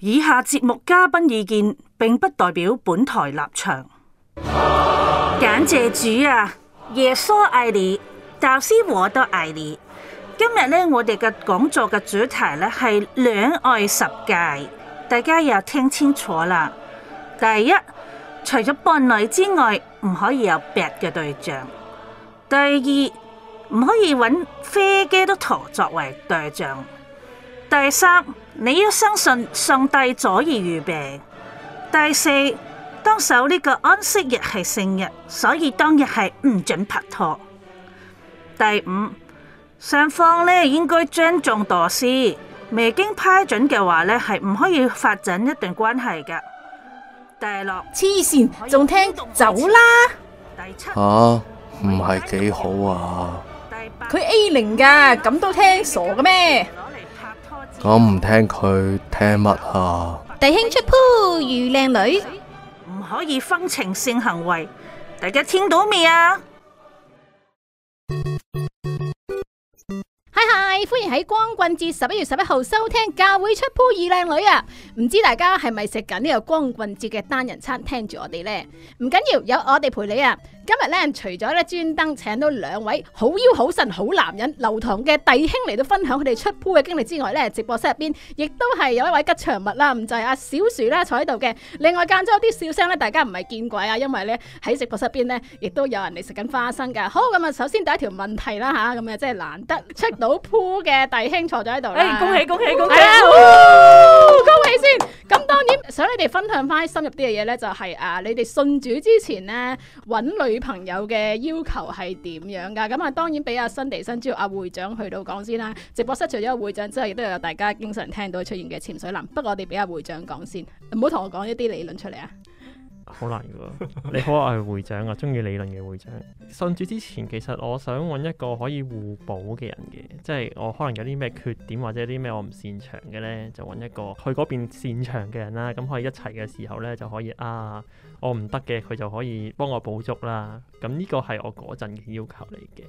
以下節目嘉賓意見，並不代表本台立場。感 謝主啊，耶穌愛你，教師我都愛你。今日呢，我哋嘅講座嘅主題呢係「戀愛十戒」，大家又聽清楚啦。第一，除咗伴侶之外，唔可以有別嘅對象。第二，唔可以揾非基督徒作為對象。第三。你要相信上帝早已預備。第四，當守呢個安息日係聖日，所以當日係唔准拍拖。第五，雙方呢應該尊重導師，未經批准嘅話呢係唔可以發展一段關係嘅。第六，黐線仲聽走啦？第七，吓唔係幾好啊？第八，佢 A 零㗎，咁都聽傻嘅咩？我唔聽佢聽乜啊！弟兄出 POOL 遇靚女，唔可以分情性行為，大家聽到未啊？嗨嗨，歡迎喺光棍節十一月十一號收聽教會出 POOL 遇靚女啊！唔知大家係咪食緊呢個光棍節嘅單人餐？聽住我哋呢，唔緊要，有我哋陪你啊！今日咧，除咗咧專登請到兩位好腰好神好男人流堂嘅弟兄嚟到分享佢哋出 POOL 嘅經歷之外咧，直播室入邊亦都係有一位吉祥物啦，唔就係阿小薯啦，坐喺度嘅。另外間中有啲笑聲咧，大家唔係見鬼啊，因為咧喺直播室入邊咧，亦都有人嚟食緊花生噶。好，咁啊，首先第一條問題啦吓，咁啊，真係難得出到 POOL 嘅弟兄坐咗喺度啦。恭喜恭喜恭喜！恭喜、， 啊哦、恭喜先。咁當然想你哋分享翻深入啲嘅嘢咧，就係、是、啊，你哋信主之前呢。揾女。.朋友嘅要求係點樣噶？咁啊，當然俾阿新迪生要阿會長去到講先啦。直播室除咗會長之外，亦都有大家經常聽到出現嘅潛水男。不過我哋俾阿會長講先，唔好同我講一啲理論出嚟啊！ 好難噶，你好，我係會長啊，中意理論嘅會長。信主之前，其實我想揾一個可以互補嘅人嘅，即係我可能有啲咩缺點或者啲咩我唔擅長嘅呢，就揾一個去嗰邊擅長嘅人啦，咁、啊、可以一齊嘅時候呢，就可以啊，我唔得嘅佢就可以幫我補足啦。咁、啊、呢、這個係我嗰陣嘅要求嚟嘅。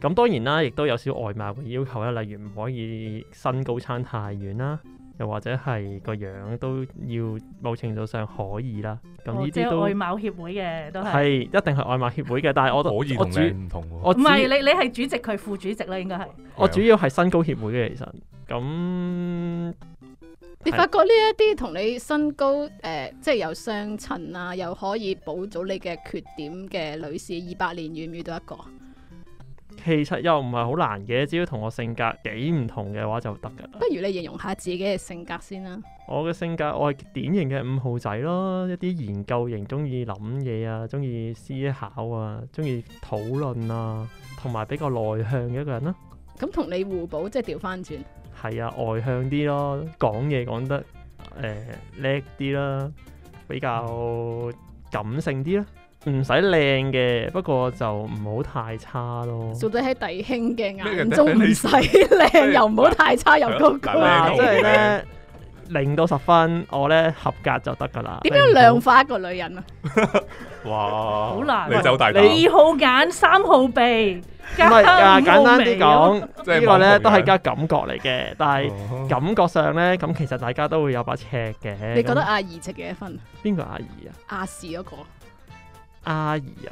咁當然啦，亦都有少外貌嘅要求啦，例如唔可以身高差太遠啦。又或者係個樣都要某程度上可以啦。咁呢啲都、哦、外貌協會嘅都係係一定係外貌協會嘅，但係我都好 以同唔同係你主你係主席佢副主席啦，應該係我主要係身高協會嘅。其實咁你發覺呢一啲同你身高誒、呃，即係又相襯啊，又可以補咗你嘅缺點嘅女士，二百年遇唔遇到一個？其實又唔係好難嘅，只要同我性格幾唔同嘅話就得㗎啦。不如你形容下自己嘅性格先啦。我嘅性格我係典型嘅五號仔咯，一啲研究型，中意諗嘢啊，中意思考啊，中意討論啊，同埋比較內向嘅一個人啦、啊。咁同你互補，即係調返轉。係啊，外向啲咯，講嘢講得誒叻啲啦，比較感性啲啦。唔使靚嘅，不過就唔好太差咯。到底喺弟兄嘅眼中唔使靚，又唔好太差，又高過，即係咧零到十分，我咧合格就得噶啦。點樣量化一個女人啊？哇，好難！你就大你二號眼，三號鼻，唔係啊？簡單啲講，呢個咧都係加感覺嚟嘅，但係感覺上咧，咁其實大家都會有把尺嘅。你覺得阿儀值幾多分？邊個阿儀啊？亞視嗰個。阿姨啊，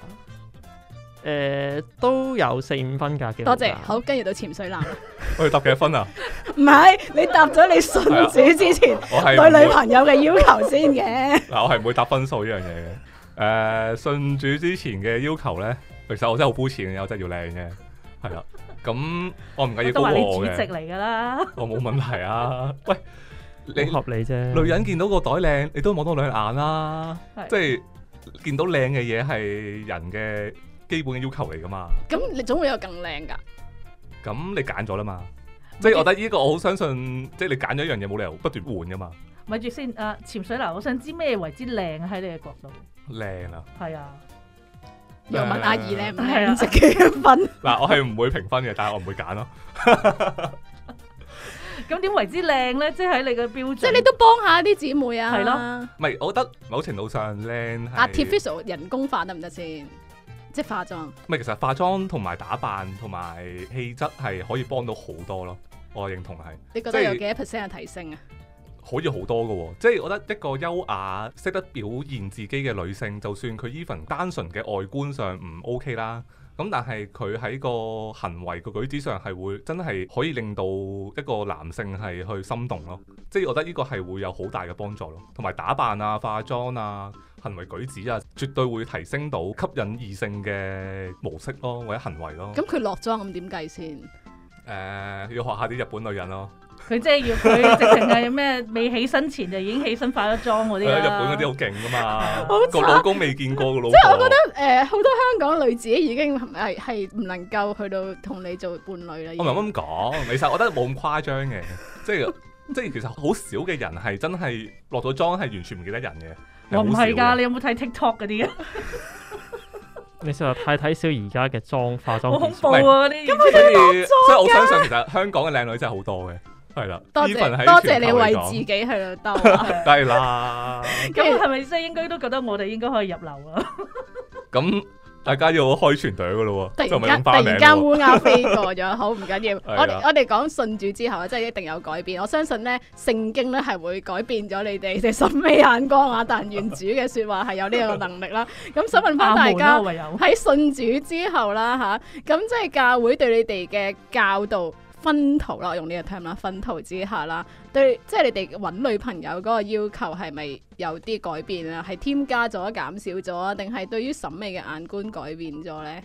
誒、啊、都有四五分噶，多謝，謝。好，跟住到潛水男我要、哎、答幾多分啊？唔係， 你答咗你信主之前 對、啊、我對女朋友嘅要求先嘅。嗱， 我係唔會答分數呢樣嘢嘅。誒、呃，信主之前嘅要求咧，其實我真係好膚淺嘅，我真係要靚嘅。係啦，咁我唔介意。都話你主席嚟噶啦。 我冇問題啊。喂，你合理啫。女人見到個袋靚，你都望到兩眼啦。即係的。見到靚嘅嘢，係人嘅基本要求嚟噶嘛。咁你總會有更靚噶。咁你揀咗啦嘛。即係我覺得呢個，我好相信，即係你揀咗一樣嘢，冇理由不斷換噶嘛？咪住先，阿潛水男，我想知咩為之靚喺你嘅角度？靚啊！係啊！楊敏阿姨靚唔靚？值幾多分？嗱，我係唔會評分嘅，但係我唔會揀咯。咁點為之靚咧？即係喺你嘅標準，即係你都幫下啲姊妹啊！係咯的，唔係、啊、我覺得某程度上靚啊 artificial 人工化得唔得先？即係化妝，唔係其實化妝同埋打扮同埋氣質係可以幫到好多咯，我認同係。你覺得有幾多 percent 嘅提升啊？可以好多噶，即、就、係、是、我覺得一個優雅識得表現自己嘅女性，就算佢 even，單純嘅外觀上唔 OK 啦。咁但係佢喺個行為嘅舉止上係會真係可以令到一個男性係去心動咯，即係我覺得呢個係會有好大嘅幫助咯，同埋打扮啊、化妝啊、行為舉止啊，絕對會提升到吸引異性嘅模式咯，或者行為咯。咁佢落妝咁點計先？誒、呃，要學下啲日本女人咯。佢即係要佢直情係咩？未起身前就已經起身化咗妝嗰啲啦。日本嗰啲好勁噶嘛，差個老公未見過個老公。即係我覺得誒，好、呃、多香港女子已經係係唔能夠去到同你做伴侶啦。我唔係咁講， 其實我覺得冇咁誇張嘅，即係即係其實好少嘅人係真係落咗妝係完全唔記得人嘅。我唔係噶，你有冇睇 TikTok 嗰啲？ 你實在太睇少而家嘅妝化妝，好恐怖啊！呢咁啊，所以我相信其實香港嘅靚女真係好多嘅。係啦，多謝多謝你為自己去鬥。係啦，咁係咪即係應該都覺得我哋應該可以入流啊？咁大家要開全隊噶咯喎，突然間突然間烏鴉飛過咗，好唔緊要。我我哋講信主之後，即係一定有改變。我相信咧，聖經咧係會改變咗你哋嘅審美眼光啊。但願主嘅說話係有呢個能力啦。咁想問翻大家喺信主之後啦，吓咁即係教會對你哋嘅教導。分途啦，用呢個 time 啦，分途之下啦，對，即係你哋搵女朋友嗰個要求係咪有啲改變啊？係添加咗、減少咗啊？定係對於審美嘅眼光改變咗咧？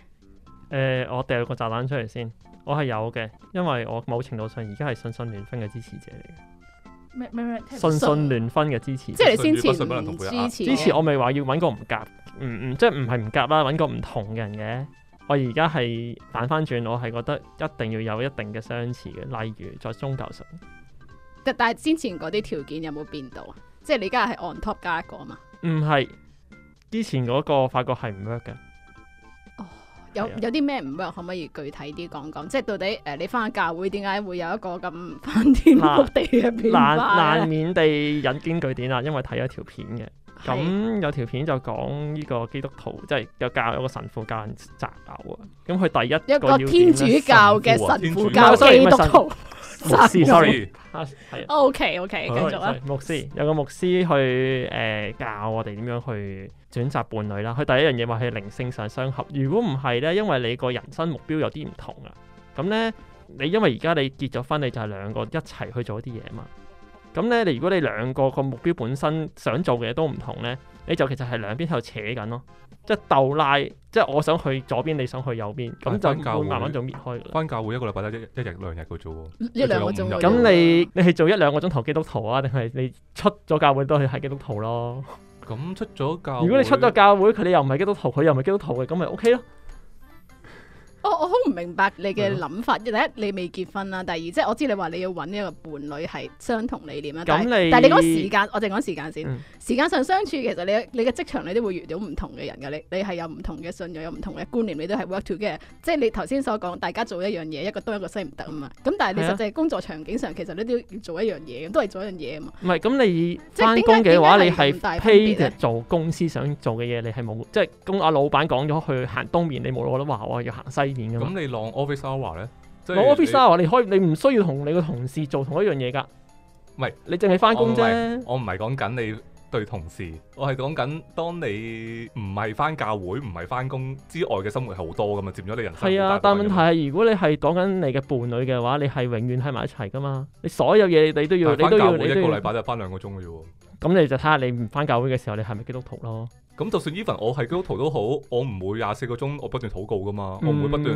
誒、呃，我掉個炸彈出嚟先，我係有嘅，因為我某程度上而家係信信聯婚嘅支持者嚟嘅。咩咩咩？信信聯婚嘅支持者，即係你先前唔支持，之前我咪話要搵個唔夾，嗯嗯，即係唔係唔夾啦，搵個唔同嘅人嘅。我而家係反翻轉，我係覺得一定要有一定嘅相似嘅，例如在宗教上。但係之前嗰啲條件有冇變到啊？即係你而家係 on top 加一個啊嘛？唔係，之前嗰個我發覺係唔 work 嘅。哦、oh，有啊，有有啲咩唔 work，可唔可以具體啲講講？即係到底誒、呃，你翻教會點解會有一個咁翻天覆地嘅？難難免地引經據典啊，因為睇咗條片嘅。咁有條片就講呢個基督徒，即係有教有個神父教人擇偶啊。咁佢第一個一個天主、啊、天主教嘅神父教基督徒 sorry OK OK，繼續啊。牧師, sorry, 牧師有個牧師去誒、呃、教我哋點樣去選擇伴侶啦。佢第一樣嘢話係靈性上相合，如果唔係咧，因為你個人生目標有啲唔同啊。咁咧，你因為而家你結咗婚，你就係兩個一齊去做一啲嘢嘛。咁咧，你如果你兩個個目標本身想做嘅嘢都唔同咧，你就其實係兩邊喺度扯緊咯，即係鬥拉，即係我想去左邊，你想去右邊，咁就會慢慢就搣開。翻教會一個禮拜得一一,一日兩日嘅啫喎，一兩個鐘咁你你係做一兩個鐘頭基督徒啊，定係你出咗教會都係係基督徒咯？咁出咗教會如果你出咗教會佢你又唔係基督徒，佢又唔係基督徒嘅，咁咪 OK 咯。我我好唔明白你嘅諗法，第一你未結婚啦，第二即係我知你話你要揾一個伴侶係相同理念啦。咁你但係你講時間，我哋講時間先。時間上相處，其實你你嘅職場你都會遇到唔同嘅人㗎。你你係有唔同嘅信仰，有唔同嘅觀念，你都係 work together。即係你頭先所講，大家做一樣嘢，一個東一個西唔得啊嘛。咁但係你實際工作場景上，其實你都要做一樣嘢，都係做一樣嘢啊嘛。唔係咁你翻工嘅話，你係 pay 嘅做公司想做嘅嘢，你係冇即係。咁阿老闆講咗去行東面，你冇得話我要行西。咁你浪 Office Hour 咧？浪 Office Hour 你可以你唔需要同你個同事做同一樣嘢噶。唔係是，你淨係翻工啫。我唔係講緊你對同事，我係講緊當你唔係翻教會、唔係翻工之外嘅生活好多㗎嘛，佔咗你人生。係啊，但係問題係，如果你係講緊你嘅伴侶嘅話，你係永遠喺埋一齊噶嘛。你所有嘢你都要，你都要，你要一個禮拜都係翻兩個鐘嘅啫。咁你就睇下你唔翻教會嘅時候，你係咪基督徒咯？咁就算 even 我係基督徒都好，我唔會廿四個鐘我不斷禱告噶嘛，我唔會不斷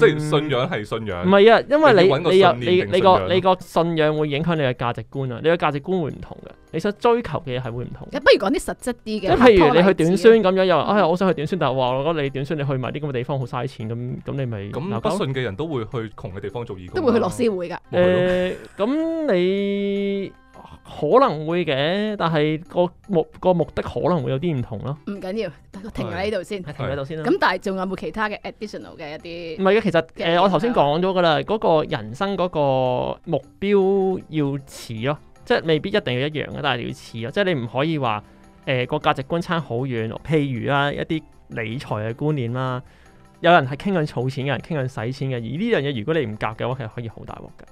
即係信仰係信仰。唔係啊，因為你你你你個你個信仰會影響你嘅價值觀啊，你嘅價值觀會唔同嘅，你想追求嘅嘢係會唔同。不如講啲實質啲嘅。即係譬如你去短宣咁樣，又話、嗯哎，我想去短宣，但係話我覺得你短宣你去埋啲咁嘅地方好嘥錢，咁咁你咪。咁，不信嘅人都會去窮嘅地方做義工，啊。都會去樂施會㗎。誒、嗯，咁、 嗯、你？可能會嘅，但係個目個目的可能會有啲唔同咯。唔緊要，停喺呢度先停。停喺度先啦。咁但係仲有冇其他嘅 additional 嘅一啲？唔係嘅，其實誒，我頭先講咗噶啦，嗰、嗰個人生嗰個目標要似咯，即係未必一定要一樣嘅。但係要似啊，即係你唔可以話誒個價值觀差好遠。譬如啊，一啲理財嘅觀念啦，有人係傾緊儲錢，有人傾緊使錢嘅，而呢樣嘢如果你唔夾嘅話，其實可以好大鑊噶。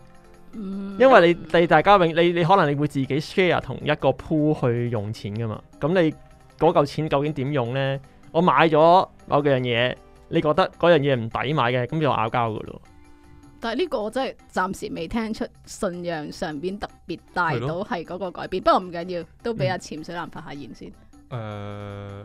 嗯、因為你你大家永你你可能你會自己 share 同一個 pool 去用錢噶嘛，咁你嗰嚿錢究竟點用呢？我買咗某幾樣嘢，你覺得嗰樣嘢唔抵買嘅，咁就拗交噶咯。但係呢個我真係暫時未聽出信仰上邊特別大到係嗰個改變，對咯 不過唔緊要緊，都俾阿潛水男發下言先。誒、嗯。呃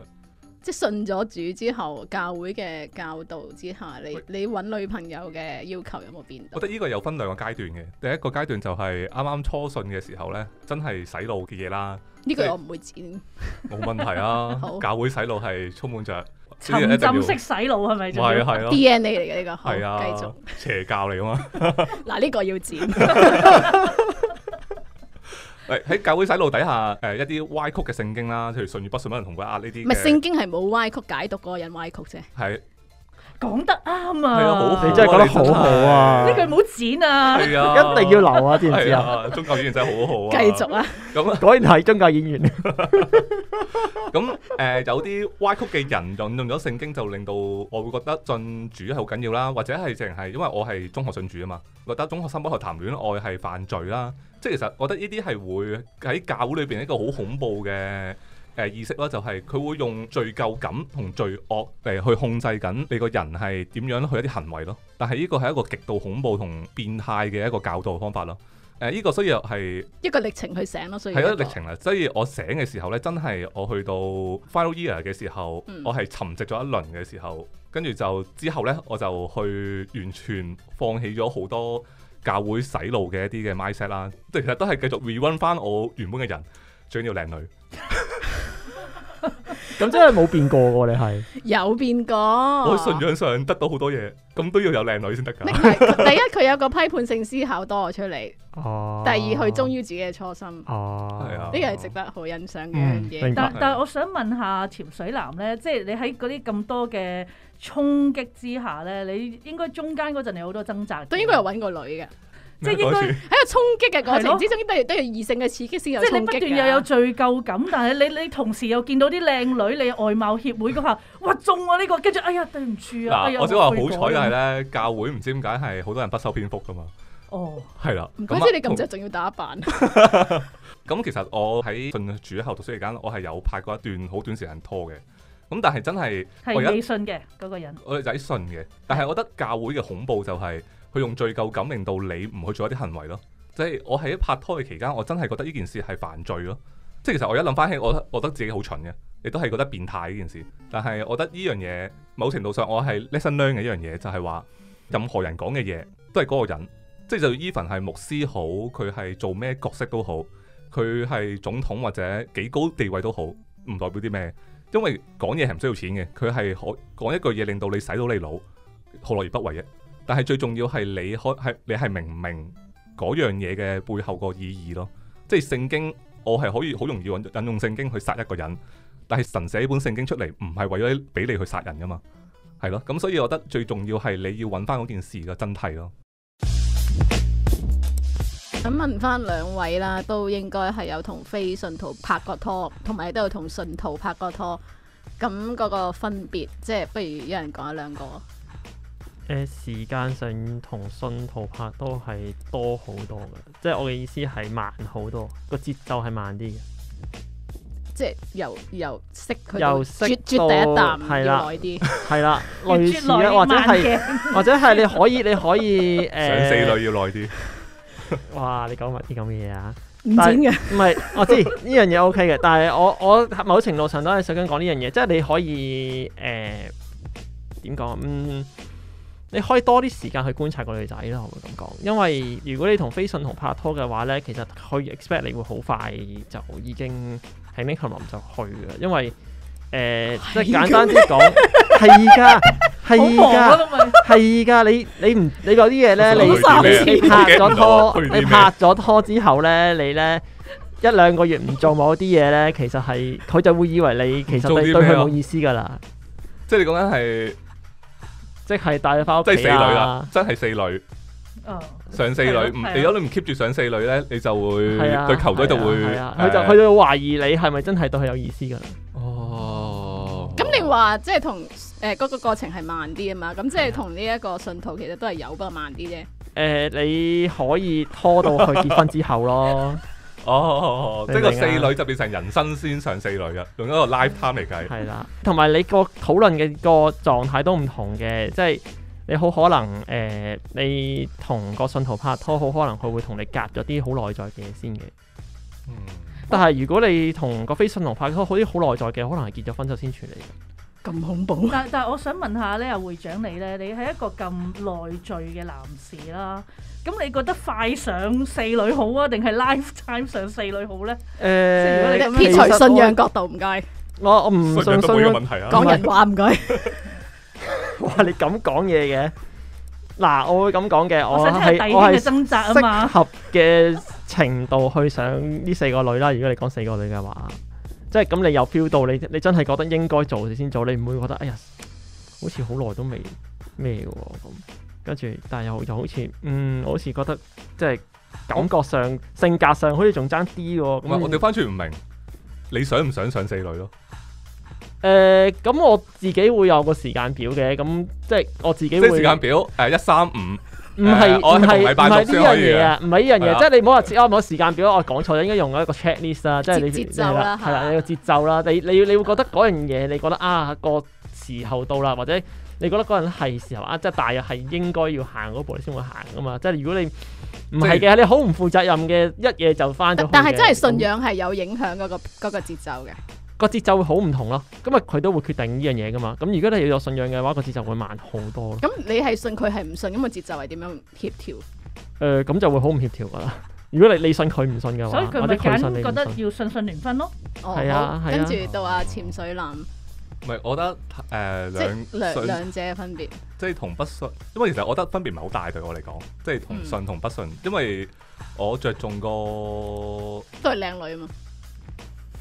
即係信咗主之後，教會嘅教導之下，你你揾女朋友嘅要求有冇變？我覺得呢個有分兩個階段嘅。第一個階段就係啱啱初信嘅時候咧，真係洗腦嘅嘢啦。呢個我唔會剪，冇問題啊！ 好教會洗腦係充滿着沉浸式洗腦，係咪？係係咯，DNA 嚟嘅，呢個係啊，繼續，邪教嚟嘛？嗱， 呢、呢個要剪。 喺喺 教會洗腦底下，誒、呃、一啲歪曲嘅聖經啦，譬如信與不信，可能同佢壓呢啲。唔係聖經係冇歪曲，解讀個人歪曲啫。係。講得啱啊！你真係講得好好啊！呢、啊、句唔好剪啊！係啊，一定要留啊！點知，知啊，宗教演員真係好好啊！繼續啊！咁那果然係宗教演員。咁誒、 呃，有啲歪曲嘅人引用咗聖經，就令到我會覺得信主係好緊要啦。或者係淨係因為我係中學信主啊嘛，覺得中學生不學談戀愛係犯罪啦。即係其實我覺得呢啲係會喺教會裏邊一個好恐怖嘅。誒、呃、意識啦，就係、是、佢會用罪疚感同罪惡嚟去控制緊你個人係點樣去一啲行為咯。但係呢個係一個極度恐怖同變態嘅一個教導方法咯。誒、呃、依、這個需要係一個歷程去醒咯，所以係一個歷程啦。所以我醒嘅時候呢，真係我去到 Final Year 嘅時候，嗯、我係沉寂咗一輪嘅時候，跟住就之後呢，我就去完全放棄咗好多教會洗腦嘅一啲嘅 Mindset 啦。即係其實都係繼續 Rewind 翻我原本嘅人，最緊要靚女。 咁 真係冇變過喎，你係 有變過。我喺信仰上得到好多嘢，咁都要有靚女先得噶。 第一，佢有個批判性思考多出嚟。哦、啊。第二，佢忠於自己嘅初心。哦。係啊。呢個係值得好欣賞嘅一樣嘢。但但係我想問下，潛水男咧，即、就、係、是、你喺嗰啲咁多嘅衝擊之下咧，你應該中間嗰陣你好多掙扎。都應該有揾個女嘅。即係應該喺個衝擊嘅過程之中，不如都要異性嘅刺激先有衝擊嘅。即係你不斷又有罪疚感，但係你你同時又見到啲靚女，你外貌協會咁吓，哇，中啊呢個，跟住哎呀對唔住啊。嗱，我只話好彩係咧，教會唔知點解係好多人不修邊幅噶嘛。哦，係啦，唔怪之得咁只仲要打扮。咁其實我喺信主喺後讀書期間，我係有拍過一段好短時間拖嘅。咁但係真係我係信嘅嗰個人，我係仔信嘅。但係我覺得教會嘅恐怖就係。佢用罪疚感令到你唔去做一啲行為咯，即係我喺拍拖嘅期間，我真係覺得呢件事係犯罪咯。即係其實我一諗翻起，我覺得自己好蠢嘅，亦都係覺得變態呢件事。但係我覺得呢樣嘢某程度上，我係 lesson learn 嘅一樣嘢，就係話任何人講嘅嘢都係嗰個人，即係就 even 係牧師好，佢係做咩角色都好，佢係總統或者幾高地位都好，唔代表啲咩。因為講嘢係唔需要錢嘅，佢係可講一句嘢令到你洗到你腦，何樂而不為嘅？但係最重要係你可係你係明唔明嗰樣嘢嘅背後個意義咯？即係聖經，我係可以好容易引用聖經去殺一個人，但係神寫呢本聖經出嚟唔係為咗俾你去殺人噶嘛？係咯？咁所以我覺得最重要係你要揾翻嗰件事嘅真諦咯。咁問翻兩位啦，都應該係有同非信徒拍過拖，同埋都有同信徒拍過拖，咁嗰個分別，即係不如有人一人講一兩個。誒，時間上同信徒拍都係多好多嘅，即係我嘅意思係慢好多，個節奏係慢啲嘅，即係由由識佢，由識到係 啦，係啦，類似的 或者係或者係你可以你可以誒，想死女要耐啲， 哇！你講埋啲咁嘅嘢啊，唔係我知呢 樣嘢 O K 嘅，但係我我，我某程度上都係想講呢樣嘢，即係你可以誒，點，呃，講嗯？嗯你可以多啲時間去觀察個女仔咯，我會咁講。因為如果你同非信徒拍拖嘅話咧，其實佢 expect 你會好快就已經係 make love 就去嘅。因為誒，即、呃、係簡單啲講，係㗎， 係㗎，係㗎。 你你唔你嗰啲嘢咧，你你，呢你拍咗拖， 你拍咗拖之後咧， 你咧一兩個月唔做某啲嘢咧，其實係佢就會以為你其實你對佢冇意思㗎啦。即係 你講緊係。即係帶佢翻屋企啊！真係四女啦，啊、真係四女。嗯、哦，上四女，如果你唔 keep 住上四女咧，你就會對球隊就會佢、啊啊呃、就佢就懷疑你係咪真係對佢有意思噶啦？哦，咁、哦、你話即係同誒嗰個過程係慢啲啊嘛？咁即係同呢一個信徒其實都係有，不過慢啲啫。誒、呃，你可以拖到佢結婚之後咯。 哦，啊、即係個四女就變成人生先上四女嘅，用一個 live time 嚟計。係啦，同埋你個討論嘅個狀態都唔同嘅，即係你好可能誒、呃，你同個信徒拍拖，好可能佢會同你夾咗啲好內在嘅先嘅。嗯。但係如果你同個非信徒拍拖，好啲好內在嘅，可能係結咗婚就先處理。咁恐怖。但但係我想問下咧，又、啊、會長你咧，你係一個咁內聚嘅男士啦。咁你覺得快上四女好啊，定係 lifetime 上四女好咧？誒，撇除信仰角度唔該，我我唔信信仰嘅問題啦，講人話唔該。哇，你咁講嘢嘅？嗱，我會咁講嘅，我係我係掙扎啊嘛，適合嘅程度去上呢四個女啦。如果你講四個女嘅話，即係咁你有 feel 到，你你真係覺得應該做先做，你唔會覺得哎呀，好似好耐都未咩嘅喎咁。跟住，但係又又好似，嗯，我好似覺得即係感覺上性格上，好似仲爭啲嘅喎。我調翻轉唔明，你想唔想上四女咯？誒，咁我自己會有個時間表嘅，咁即係我自己。即係時間表誒，一三五，唔係唔係唔係呢樣嘢啊，唔係呢樣嘢。即係你唔好話我冇時間表，我講錯咗，應該用一個 checklist 啊，即係你節奏啦，係啦，你個節奏啦，你你要你會覺得嗰樣嘢，你覺得啊個時候到啦，或者。你覺得嗰陣係時候啊，即係大約係應該要行嗰步，你先會行噶嘛？即係如果你唔係嘅，你好唔負責任嘅，一夜就翻。但係真係信仰係有影響嗰個嗰個節奏嘅，個節奏會好唔同咯。咁啊，佢都會決定呢樣嘢噶嘛。咁如果你要有信仰嘅話，個節奏會慢好多。咁你係信佢係唔信，咁個節奏係點樣協調？誒、呃，咁就會好唔協調噶啦。 如果你你信佢唔信嘅話，所以佢咪緊覺得要信信緣分咯。哦，係啊，啊啊啊啊跟住到啊潛水男。唔係，我覺得誒兩兩者嘅分別，即係同不信，因為其實我覺得分別唔係好大，對我嚟講，即係同信同不信，因為我着重個都係靚女啊嘛。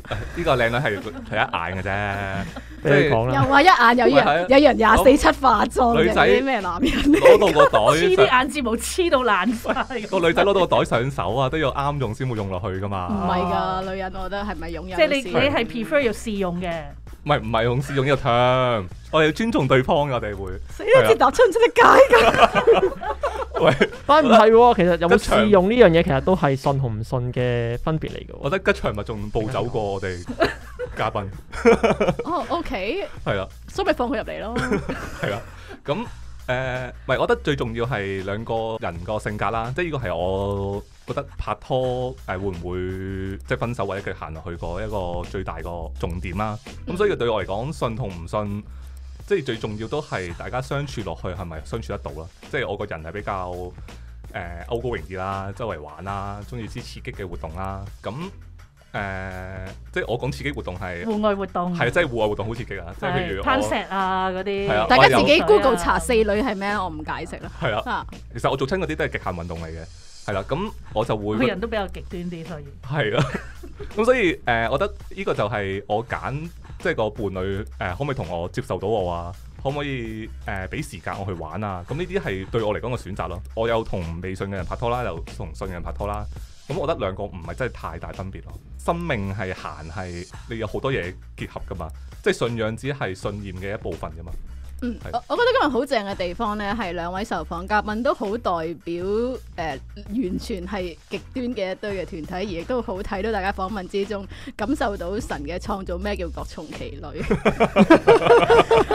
呢個靚女係係一眼嘅啫，俾你講啦。又話一眼，又一樣，有人廿四七化妝，女仔咩男人攞到個袋，黐啲眼睫毛黐到爛晒。個女仔攞到個袋上手啊，都要啱用先會用落去噶嘛。唔係噶，女人我覺得係咪擁有？即係你你係 prefer 要試用嘅。唔係唔係用試用呢個㖏，我哋要尊重對方，我哋會死啦了！跌、啊、打出唔出得街噶？ 喂，但係唔係，其實有冇試用呢樣嘢，其實都係信同唔信嘅分別嚟嘅。我覺得吉祥物仲暴走過我哋嘉賓。哦，OK，係 啊，所以咪放佢入嚟咯。係、呃、啊，咁誒，唔係，我覺得最重要係兩個人個性格啦，即係呢個係我，覺得拍拖誒會唔會即係分手或者佢行落去個一個最大個重點啦、啊？咁、嗯啊、所以對我嚟講，信同唔信，即係最重要都係大家相處落去係咪相處得到啦？即係我個人係比較誒、呃、outgoing 啲啦，周圍玩啦，中意啲刺激嘅活動啦。咁、嗯、誒、呃，即係我講刺激活動係戶外活動，係啊，即係戶外活動好刺激啊！即係譬如攀石啊嗰啲，啊、大家自己 Google 查四女係咩？我唔解釋啦。係啊，其實我做親嗰啲都係極限運動嚟嘅。係啦，咁我就會人都比較極端啲，所以係啦。咁是的、 嗯、所以誒、呃，我覺得呢個就係我揀，即、就、係、是、個伴侶誒、呃，可唔可以同我接受到我啊？可唔可以誒，俾、呃、時間我去玩啊？咁呢啲係對我嚟講嘅選擇咯。我有同未信嘅人拍拖啦，又同信嘅人拍拖啦。咁、嗯、我覺得兩個唔係真係太大分別咯。生命係閒係，你有好多嘢結合噶嘛，即係信仰只係信念嘅一部分啫嘛。我、嗯、我覺得今日好正嘅地方呢，係兩位受訪嘉賓都好代表誒、呃，完全係極端嘅一堆嘅團體，而亦都好睇到大家訪問之中感受到神嘅創造咩叫各從其類，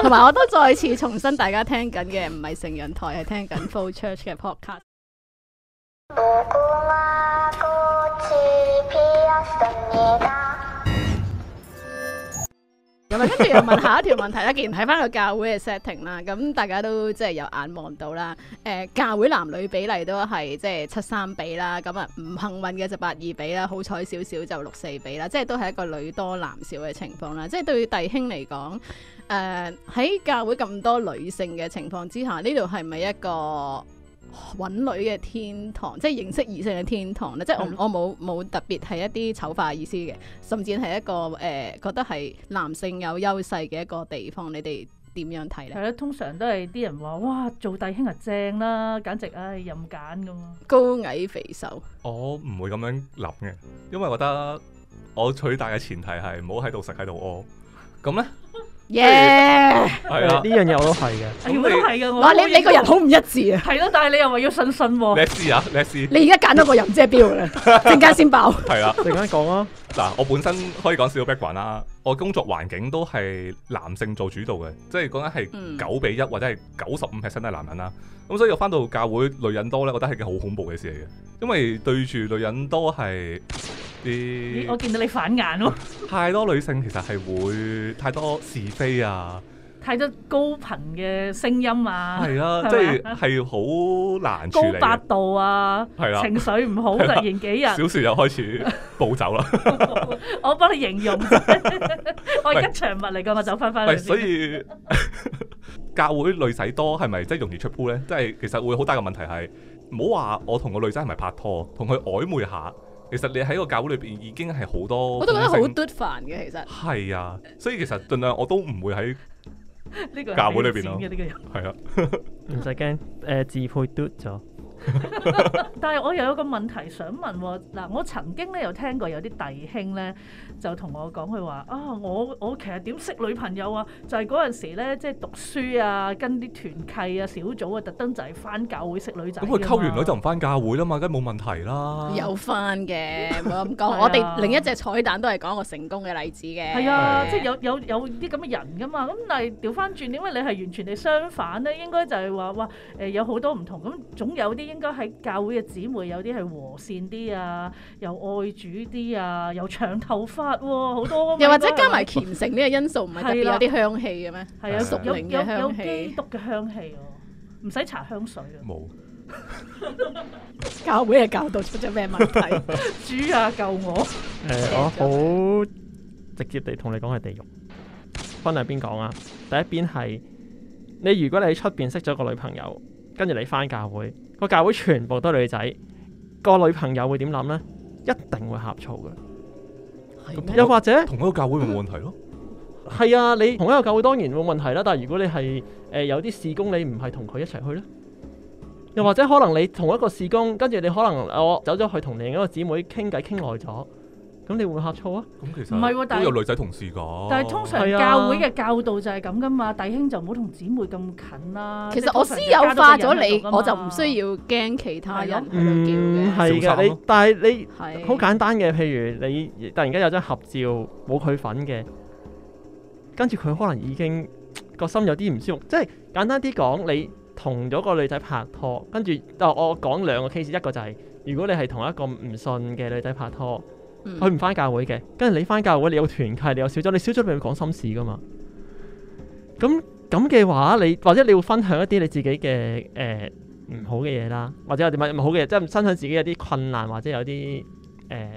同 埋 我都再次重申，大家聽緊嘅唔係成人台，係聽緊 Full Church 嘅 Podcast。 跟住又問下一條問題啦。既然睇翻個教會嘅 setting 啦，咁大家都即係有眼望到啦。誒，教會男女比例都係即係七三比啦。咁啊，唔幸運嘅就八二比啦，好彩少少就六四比啦。即係都係一個女多男少嘅情況啦。即係對弟兄嚟講，誒、呃，喺教會咁多女性嘅情況之下，呢度係咪一個揾女嘅天堂，即係認識異性嘅天堂咧，嗯、即係我冇冇特別係一啲醜化意思嘅，甚至係一個誒、呃、覺得係男性有優勢嘅一個地方，你哋點樣睇呢？係咯，通常都係啲人話，哇，做弟兄啊正啦，簡直唉、哎、任揀噶嘛，高矮肥瘦。我唔會咁樣諗嘅，因為我覺得我取大嘅前提係唔好喺度食喺度屙，咁呢。耶，係 啊，呢樣嘢我都係嘅，都係噶。哇，你你個人好唔一致啊！係咯， 但係你又話要信心，啊，Let's see, Let's see 你 Let’s see 你而家揀咗個人，即係邊度咧？陣間先爆 了。係啦， 陣間講啊。嗱，我本身可以講少少 background 啦，我工作環境都係男性做主導嘅，即係講緊係九比一或者係九十五 percent 都係男人啦。咁所以我翻到教會女人多咧，我覺得係件好恐怖嘅事嚟嘅，因為對住女人多係。咦，我見到你反眼咯！太多女性其實係會太多是非啊，太多高頻嘅聲音啊，係啊，即係係好難處理高八度啊，係啦，情緒唔好突然幾日。小事又開始暴走啦！我幫你形容，我而家吉祥物嚟噶嘛，走翻翻。所以教會女仔多係咪即係容易出鋪咧？即係其實會好大嘅問題係，唔好話我同個女仔係咪拍拖，同佢曖昧下。其實你喺個教會裏邊已經係好多，我都覺得好嘟煩嘅，其實係啊，所以其實盡量我都唔會喺呢、 這個教會裏邊咯，係是啊 唔使驚，誒，自配嘟咗。invece 但係我又有一個問題想問喎，嗱 music Brothers ini you，我曾經咧有聽過有啲弟兄咧就同我講佢話啊，我我其實點識女朋友啊？就係嗰陣時咧即係讀書啊，跟啲團契啊、小組啊，特登就係翻教會識女仔。咁佢溝完女就唔翻教會啦嘛，梗係冇問題啦。有翻嘅，唔講。我哋另一隻彩蛋都係講一個成功嘅例子嘅。係啊，即係有有有啲咁嘅人噶嘛。咁但係調翻轉，點解你係完全哋相反咧？應該就係話哇，誒有好多唔同，咁總有啲。應該喺教會嘅姊妹有啲係和善啲啊，又愛主啲啊，又長頭髮喎、啊，好多、啊、又或者加埋虔誠呢個因素，唔係特別有、啊、啲 的香氣嘅咩？係啊的，有有有基督嘅香氣喎、啊，唔使搽香水啊。冇沒有 教會嘅教導出咗咩問題？ 主啊，救我！誒、 呃，我好直接地同你講係地獄。分兩 邊講啊，第一邊係你如果你喺出邊識咗個女朋友，跟住你返教會。個教會全部都係女仔，個女朋友會點諗呢？一定會呷醋嘅。嗎又或者同一，同一個教會冇問題咯。係啊，啊，你同一個教會當然冇問題啦。但係如果你係誒、呃、有啲事工，你唔係同佢一齊去呢？又或者可能你同一個事工，跟住你可能我走咗去同另一個姊妹傾偈傾耐咗。咁你會唔會呷醋啊？其實、唔係喎、啊，但係都有女仔同事噶。但係通常教會嘅教導就係咁噶嘛，弟兄就唔好同姊妹咁近啦、啊。其實我私有化咗你，嗯、我就唔需要驚其他人喺度叫唔係嘅，的啊、你但係你好是簡單嘅，譬如你突然間有張合照冇佢份嘅，跟住佢可能已經個心有啲唔舒服。即係簡單啲講，你同咗個女仔拍拖，跟住我講兩個 case，一個就係、是、如果你係同一個唔信嘅女仔拍拖。佢唔翻教會嘅，跟住你翻教會，你有團契，你有小組，你小組你咪講心事噶嘛？咁咁嘅話，你或者你會分享一啲你自己嘅誒唔好嘅嘢啦，或者係點乜唔好嘅嘢，即係分享自己有啲困難或者有啲誒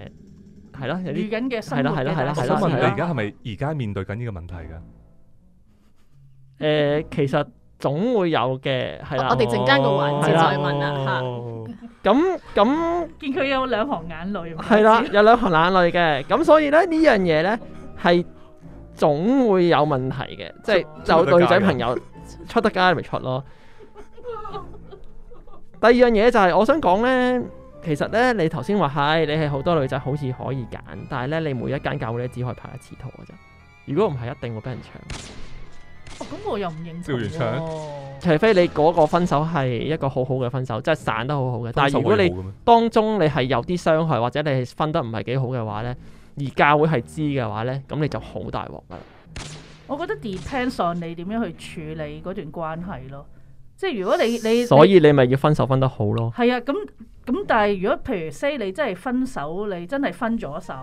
係咯，有啲係啦係啦係啦係啦。我想問你而家係咪而家面對緊呢個問題噶？誒、啊，啊啊啊啊、其實總會有嘅，係啦、啊。我哋陣間個環節再問啦吓。咁咁，見佢有兩行眼淚，係啦，有兩行眼淚嘅。咁所以咧，呢樣嘢咧係總會有問題嘅，即係就女仔朋友出得街咪出咯。第二樣嘢就係我想講咧，其實咧你頭先話係，你係好多女仔好似可以揀，但係咧你每一間教會咧只可以拍一次拖嘅啫，如果唔係一定會俾人搶。哦，咁我又唔認同。叫人搶。除非你嗰個分手係一個好好嘅分手，即係散得好好嘅。但係如果你當中你係有啲傷害，或者你係分得唔係幾好嘅話咧，而教會係知嘅話咧，咁你就好大鑊噶。我覺得 depends on 你點樣去處理嗰段關係咯。即係如果你你所以你咪你要分手分得好咯。係啊，咁咁但係如果譬如 say 你真係分手，你真係分咗手，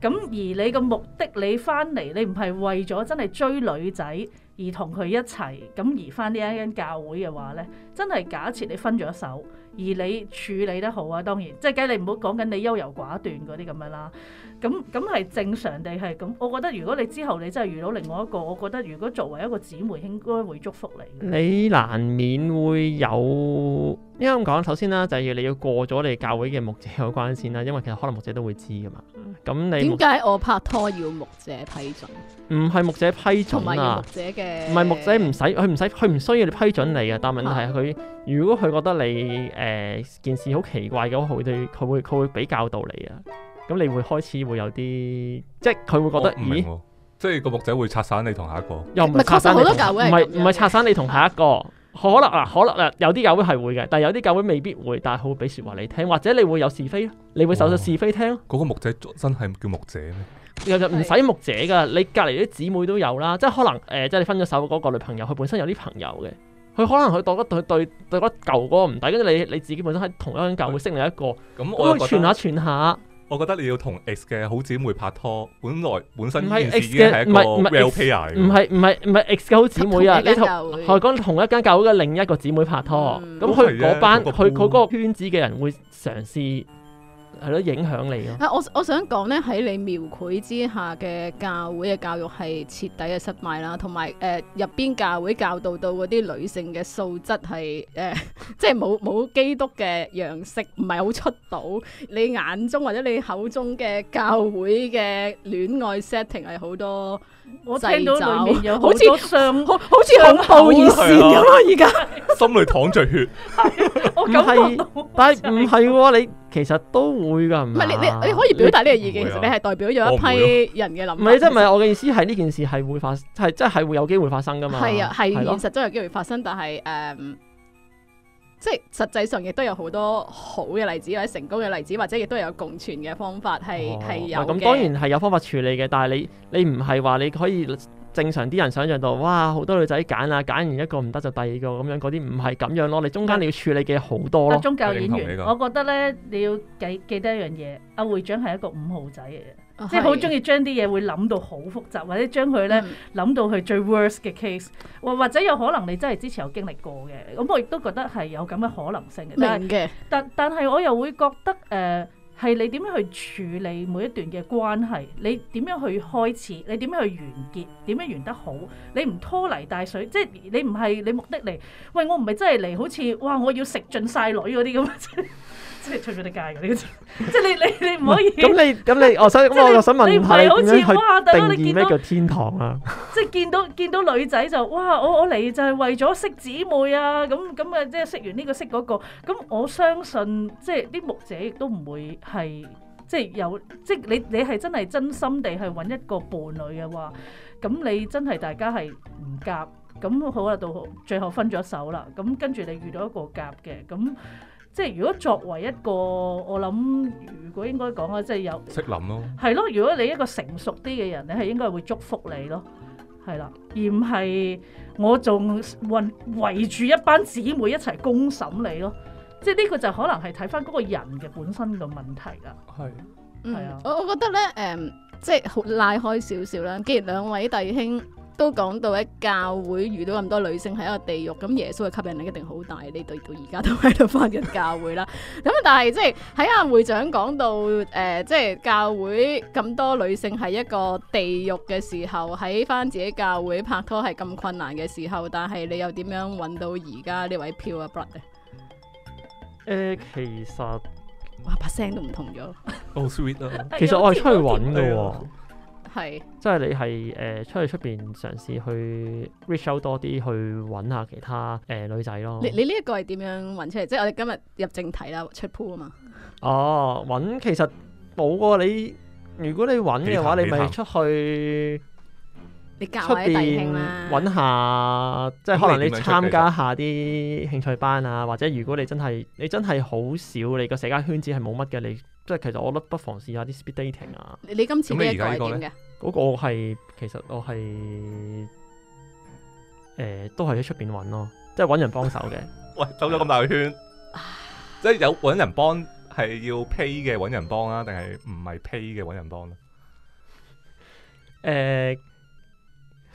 咁而你個目的你翻嚟，你唔係為咗真係追女仔，而同佢一齊咁移返呢一間教會嘅話咧，真係假設你分咗手，而你處理得好啊，當然即係梗係你唔好講緊你優柔寡斷嗰啲咁樣啦。咁咁係正常地係咁，我覺得如果你之後你真係遇到另外一個，我覺得如果作為一個姊妹應該會祝福你。你難免會有，因為咁講，首先啦，就要你要過咗你教會嘅牧者有關先啦，因為其實可能牧者都會知噶嘛。咁、嗯、你點解我拍拖要牧者批准？唔係牧者批准啊！唔係牧者嘅，唔係牧者唔使，佢唔使，佢唔需，需要你批准你啊！但問題係佢、啊、如果佢覺得你誒、呃、件事好奇怪嘅話，佢會佢會佢會，會，會，會，會比較到你啊！咁你會開始會有啲，即係佢會覺得，咦，即係個木仔會拆散你同下一個。又唔係拆散好多唔係唔係拆散你同下一個。因為 可能嗱，可能嗱，有啲教會係會嘅，但係有啲教會未必會，但係會俾説話你聽，或者你會有是非，你會搜索是非聽。嗰、那個木仔真係叫木仔咩？又又唔使木仔㗎，你隔離啲姊妹都有啦。即係可能誒，即、呃、係、就是、你分咗手嗰個女朋友，佢本身有啲朋友嘅，佢可能佢對嗰對對嗰舊嗰個唔抵，跟住你你自己本身喺同一間教會識另一個，咁傳下傳下。我覺得你要同 X 嘅好姊妹拍拖，本來本身呢件事已經係一個唔係唔係唔係 X 嘅、well、好姊妹啊！你同係講同一間教會嘅另一個姊妹拍拖，咁佢嗰班佢佢嗰個圈子嘅人會嘗試。係咯，影響你啊，我我想講咧，喺你描繪之下嘅教會嘅教育係徹底嘅失敗啦，同埋誒入邊教會教導到嗰啲女性嘅素質係誒、呃，即係冇冇基督嘅樣式，唔係好出到你眼中或者你口中嘅教會嘅戀愛 setting 係好多。我聽到裏面有好多心，好似恐怖熱線咁啊！而家心裏淌着血，係唔係？唔係？你其實都會噶，唔係你你你可以表達呢個意見，其實你係代表有一批人嘅諗。唔係，即係唔係我嘅意思係呢件事係會發生，係即係會有機會發生噶嘛？係啊，係現實真有機會發生，但係誒。即係實際上亦都有好多好嘅例子，或者成功嘅例子，或者亦都有共存嘅方法，係係有嘅，咁、哦、當然係有方法處理嘅，但係你你唔係話你可以正常啲人想像到，哇好多女仔揀啊，揀完一個唔得就第二個咁樣，嗰啲唔係咁樣咯。你中間你要處理嘅好多咯。宗、呃呃、教演員，呃呃呃、我覺得呢你要記記得一樣嘢，阿會長係一個五號仔嚟嘅。即係好中意將啲嘢會諗到好複雜，或者將佢呢諗到去最 worse 嘅 case，或或者有可能你真係之前有經歷過嘅，咁我亦都覺得係有咁嘅可能性嘅。但但係我又會覺得誒，係、呃、你點樣去處理每一段嘅關係，你點樣去開始，你點樣去完結，點樣完，點樣完得好，你唔拖泥帶水，即係你唔係你目的嚟，喂，我唔係真係嚟好似哇我要食盡晒女嗰啲咁。 即係出咗啲街嘅，即係你你你唔可以。咁你咁你，我想咁我想問，你唔係好似哇，突然你見到天堂啦，即係見到見到女仔就哇，我我嚟就係為咗識姊妹啊，咁咁啊，即係識完呢個識嗰個，咁我相信即係啲牧者亦都唔會係即係有，即係你你係真係真心地去揾一個伴侶嘅話，咁你真係大家係唔夾，咁好啦，到最後分咗手啦，咁跟住你遇到一個夾嘅咁。即係如果作為一個，我諗如果應該講啊，即係有識諗咯，係咯。如果你一個成熟啲嘅人，你係應該會祝福你咯，係啦，而唔係我仲圍圍住一班姊妹一齊公審你咯。即係呢個就可能係睇翻嗰個人嘅本身嘅問題啊。係的，係啊的，我、嗯、我覺得咧，誒、嗯，即係好，拉開少少啦。既然兩位弟兄，都講到喺教會遇到咁多女性係一個地獄，咁耶穌嘅吸引力一定好大。你對到而家都喺度返緊教會啦。咁但係即係喺阿會長講到誒，即係教會咁多女性係一個地獄嘅時候，喺返自己教會拍拖係咁困難嘅時候，但係你又點樣搵到而家呢位 pure blood 咧？誒，其實哇，把聲都唔同咗。好 sweet 啊！其實我係出去搵嘅。係，是即係你係誒、呃、出去出邊嘗試去 reach out 多啲，去揾下其他誒、呃、女仔咯。你你呢一個係點樣揾出嚟即係我哋今日入正題啦，出 Pool 啊嘛。哦，揾其實冇噶，你如果你揾嘅話，你咪出去你出邊揾下，即係可能你參加一下啲興趣班啊，或者如果你真係你真係好少，你個社交圈子係冇乜嘅你。即係其實我得不妨試下啲 speed dating 啊。你今次嘅一個係點嘅？嗰個係其實我係誒、呃、都係喺出邊揾咯，即係揾人幫手嘅。 喂，走咗咁大個圈，唉即係有揾人幫係要 pay 嘅揾人幫啊，定係唔係 pay 嘅揾人幫咧、啊？誒、呃、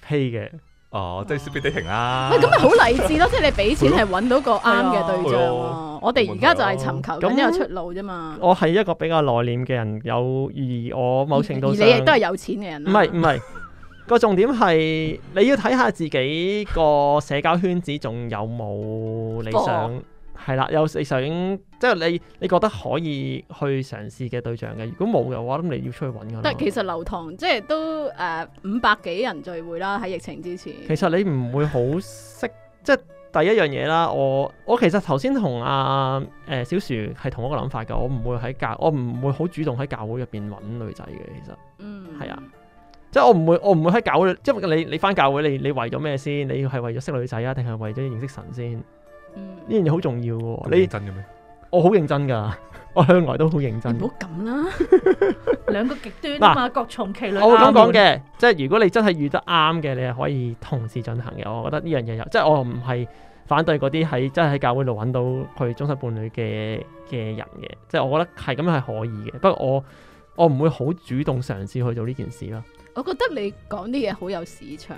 ，pay 嘅。哦， 即係私密 dating 啦。喂，咁咪好勵志咯，即係你俾錢係揾到個啱嘅對象。 啊、我哋而家就係尋求咁有出路啫嘛。啊、我係一個比較內斂嘅人，有而我某程度上，你亦都係有錢嘅人。唔係唔係，個 重點係你要睇下自己個社交圈子仲有冇理想。哦係啦，有你想，即係你，你覺得可以去嘗試嘅對象嘅。如果冇嘅話，咁你要出去揾噶啦。但係其實流堂即係都誒五百幾人聚會啦，喺疫情之前。其實你唔會好識，即係第一樣嘢啦。我我其實頭先同阿誒小薯係同一個諗法嘅。我唔會喺教，我唔會好主動喺教會入邊揾女仔嘅。其實，嗯，係啊，即係我唔會，我唔會喺教會。即係你你翻教會你，你你為咗咩先？你要係為咗識女仔啊，定係為咗認識神先？呢樣嘢好重要嘅，你認真咩？我好認真噶，我向來都好認真。唔好咁啦，兩 個極端啊嘛， 各從其類。我會咁講嘅，會即係如果你真係遇得啱嘅，你係可以同時進行嘅。我覺得呢樣嘢又，即係我唔係反對嗰啲喺真係喺教會度揾到佢忠實伴侶嘅嘅人嘅，即係我覺得係咁樣係可以嘅。不過我我唔會好主動嘗試去做呢件事啦。我覺得你講啲嘢好有市場。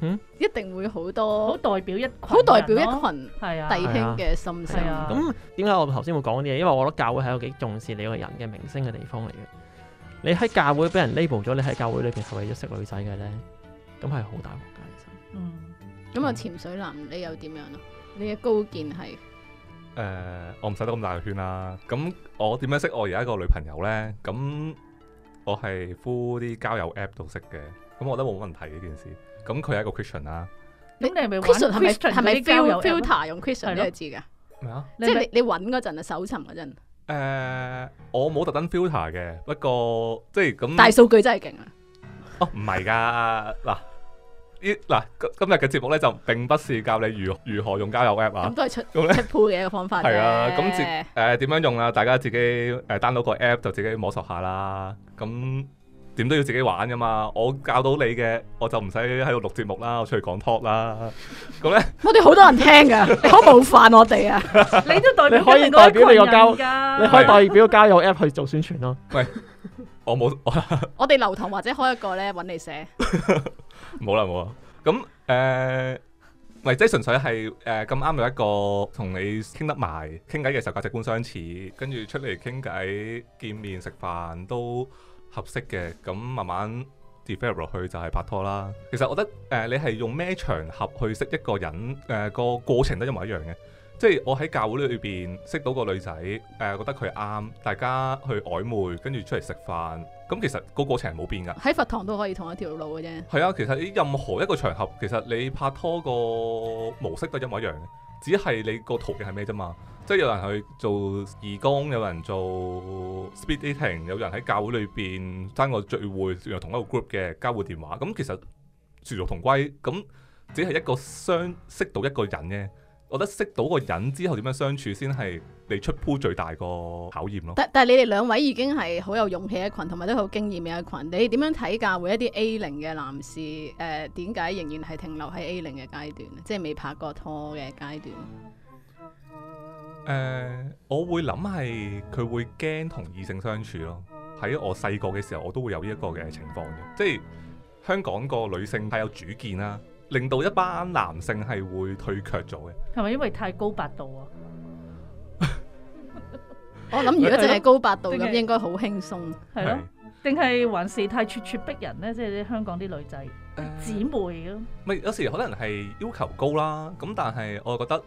嗯、一定會好多好代表一好代表一群弟兄嘅心聲。咁點解我頭先會講啲嘢？因為我覺得教會係一個幾重視你個人嘅名聲嘅地方嚟嘅。你喺教會俾人 label 咗，你喺教會裏邊係為咗識女仔嘅咧，咁係好大鑊噶。其實、嗯，咁啊、嗯，潛水男你又點樣啊？你嘅高見係誒，我唔使得咁大個圈啦。咁我點樣識我而家一個女朋友咧？咁我係喺啲交友 app 度識嘅。咁我覺得冇問題呢件事。咁佢係一個 question 啦，你 question 係咪係咪 filter 用 question 呢個字噶？咩啊？即係你你揾嗰陣啊，搜尋嗰陣。誒，我冇特登 filter 嘅，不過即係咁。大數據真係勁啊！哦，唔係噶，嗱，嗱今日嘅節目咧就並不是教你如如何用交友 app 啊。咁都係出用咧 pool 嘅一個方法。係啊，咁自誒點樣用啊？大家自己誒 download 個 app 就自己摸索下啦。咁。點都要自己玩噶嘛！我教到你嘅，我就唔使喺度錄節目啦，我出去講 talk 啦。咁咧，我哋好多人聽噶，你好麻煩我哋啊！你都代表，你可以代表你個交，你可以代表交友 app 去做宣傳咯。喂，我冇，我我哋流堂或者開一個咧，搵你寫。冇啦冇啦，咁誒，唔係即係純粹係誒咁啱有一個同你傾得埋，傾偈嘅時候價值觀相似，跟住出嚟傾偈、見面、食飯都合適嘅，咁慢慢 defer 落去就係拍拖啦。其實我覺得，誒、呃，你係用咩場合去識一個人，誒、呃，個過程都一模一樣嘅。即係我喺教會裏邊識到個女仔，誒、呃，覺得佢啱，大家去曖昧，跟住出嚟食飯。咁、嗯、其實嗰過程係冇變噶。喺佛堂都可以同一條路嘅啫。係啊，其實你任何一個場合，其實你拍拖個模式都一模一樣嘅，只係你個途徑係咩啫嘛。即係有人去做義工，有人做 speed dating，有人喺教會裏邊參加聚會，又同一個 group 嘅交換電話。咁、嗯、其實殊途同歸，咁、嗯、只係一個相識到一個人啫。我覺得識到個人之後點樣相處先係你出 pool 最大個考驗咯。但但係你哋兩位已經係好有勇氣嘅群，同埋都好經驗嘅群。你點樣睇教會一啲 A 零嘅男士？誒點解仍然係停留喺 A 零嘅階段，即係未拍過拖嘅階段？誒、呃，我會諗係佢會驚同異性相處咯。喺我細個嘅時候，我都會有呢一個嘅情況嘅，即係香港個女性太有主見啦，令到一班男性係會退卻咗嘅。係咪因為太高八度啊？ 我諗如果淨係高八度咁， 了應該好輕鬆，係咯？定係還是太咄咄逼人呢？即係啲香港啲女仔姊、呃、妹咯、啊。咪、呃、有時可能係要求高啦，咁但係我覺得。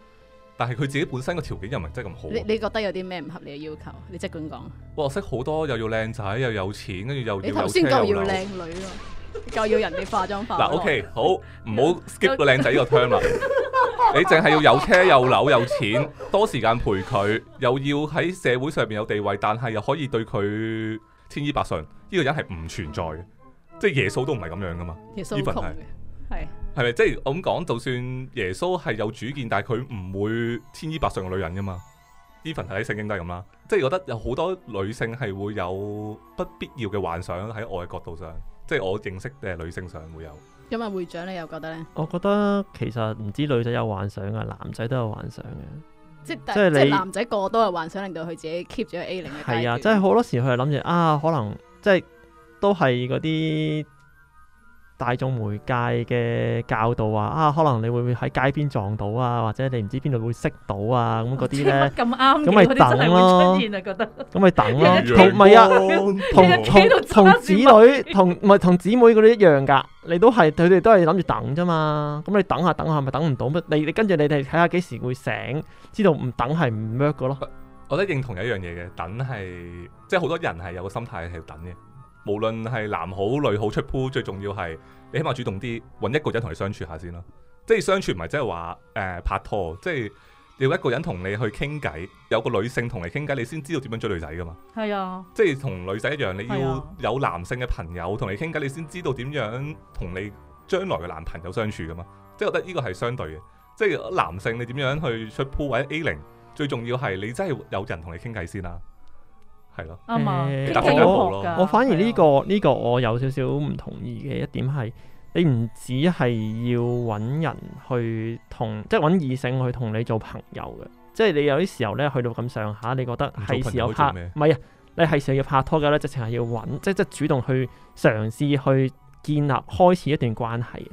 但係佢自己本身個條件又唔係真係咁好。你你覺得有啲咩唔合理嘅要求？你即管講。我識好多，又要靚仔，又有錢，跟住又要有車。你頭先講要靚女啊， 又要人哋化妝化嗱、 啊，OK，好，唔好 skip 個靚仔呢個 turn 啦。 你淨係要有車有樓有，有錢，多時間陪佢，又要喺社會上面有地位，但係又可以對佢千依百順，呢、呢個人係唔存在嘅，即係耶穌都唔係咁樣噶嘛，耶穌，呢份係。係。係咪即係我咁講？就算耶穌係有主見，但係佢唔會千依百順嘅女人噶嘛，呢份 even 睇聖經都係咁啦。即係覺得有好多女性係會有不必要嘅幻想喺外角度上，即係我認識嘅女性上會有。咁啊，會長你又覺得咧？我覺得其實唔知女仔有幻想啊，男仔都有幻想嘅。即係即係男仔過多嘅幻想令到佢自己 keep 咗 A 零嘅。係啊，即係好多時佢係諗住啊，可能即係都係嗰啲。 大眾媒介嘅教導話啊，可能你會唔會喺街邊撞到啊，或者你唔知邊度會識到啊，咁嗰啲咧咁咪等咯。咁咪等咯，唔係啊，同同同子女同唔係同姊妹嗰啲一樣噶，你都係佢哋都係諗住等啫嘛。咁你等下等下咪等唔到乜？你你跟住你哋睇下幾時會醒，知道唔等係唔 work 嘅咯。我都認同有一樣嘢嘅，等係即係好多人係有個心態係等嘅，無論係男好女好出鋪，最重要係。你起碼主動啲，揾一個人同你相處下先啦。即係相處唔係即係話誒，拍拖，即係要一個人同你去傾偈，有個女性同你傾偈，你先知道點樣追女仔噶嘛。係啊，即係同女仔一樣，你要有男性嘅朋友同你傾偈，你先知道點樣同你將來嘅男朋友相處噶嘛。即係覺得呢個係相對嘅，即係男性你點樣去出 pool 位 A0，最重要係你真係有人同你傾偈先啦。係咯，啱啊、嗯！我反而呢個，呢個我有少少唔同意嘅一點係，你唔止係要揾人去同，即係揾異性去同你做朋友嘅。即係你有啲時候咧，去到咁上下，你覺得係時候拍唔係啊？你係時候要拍拖㗎咧，直情係要揾，即即主動去嘗試去建立開始一段關係。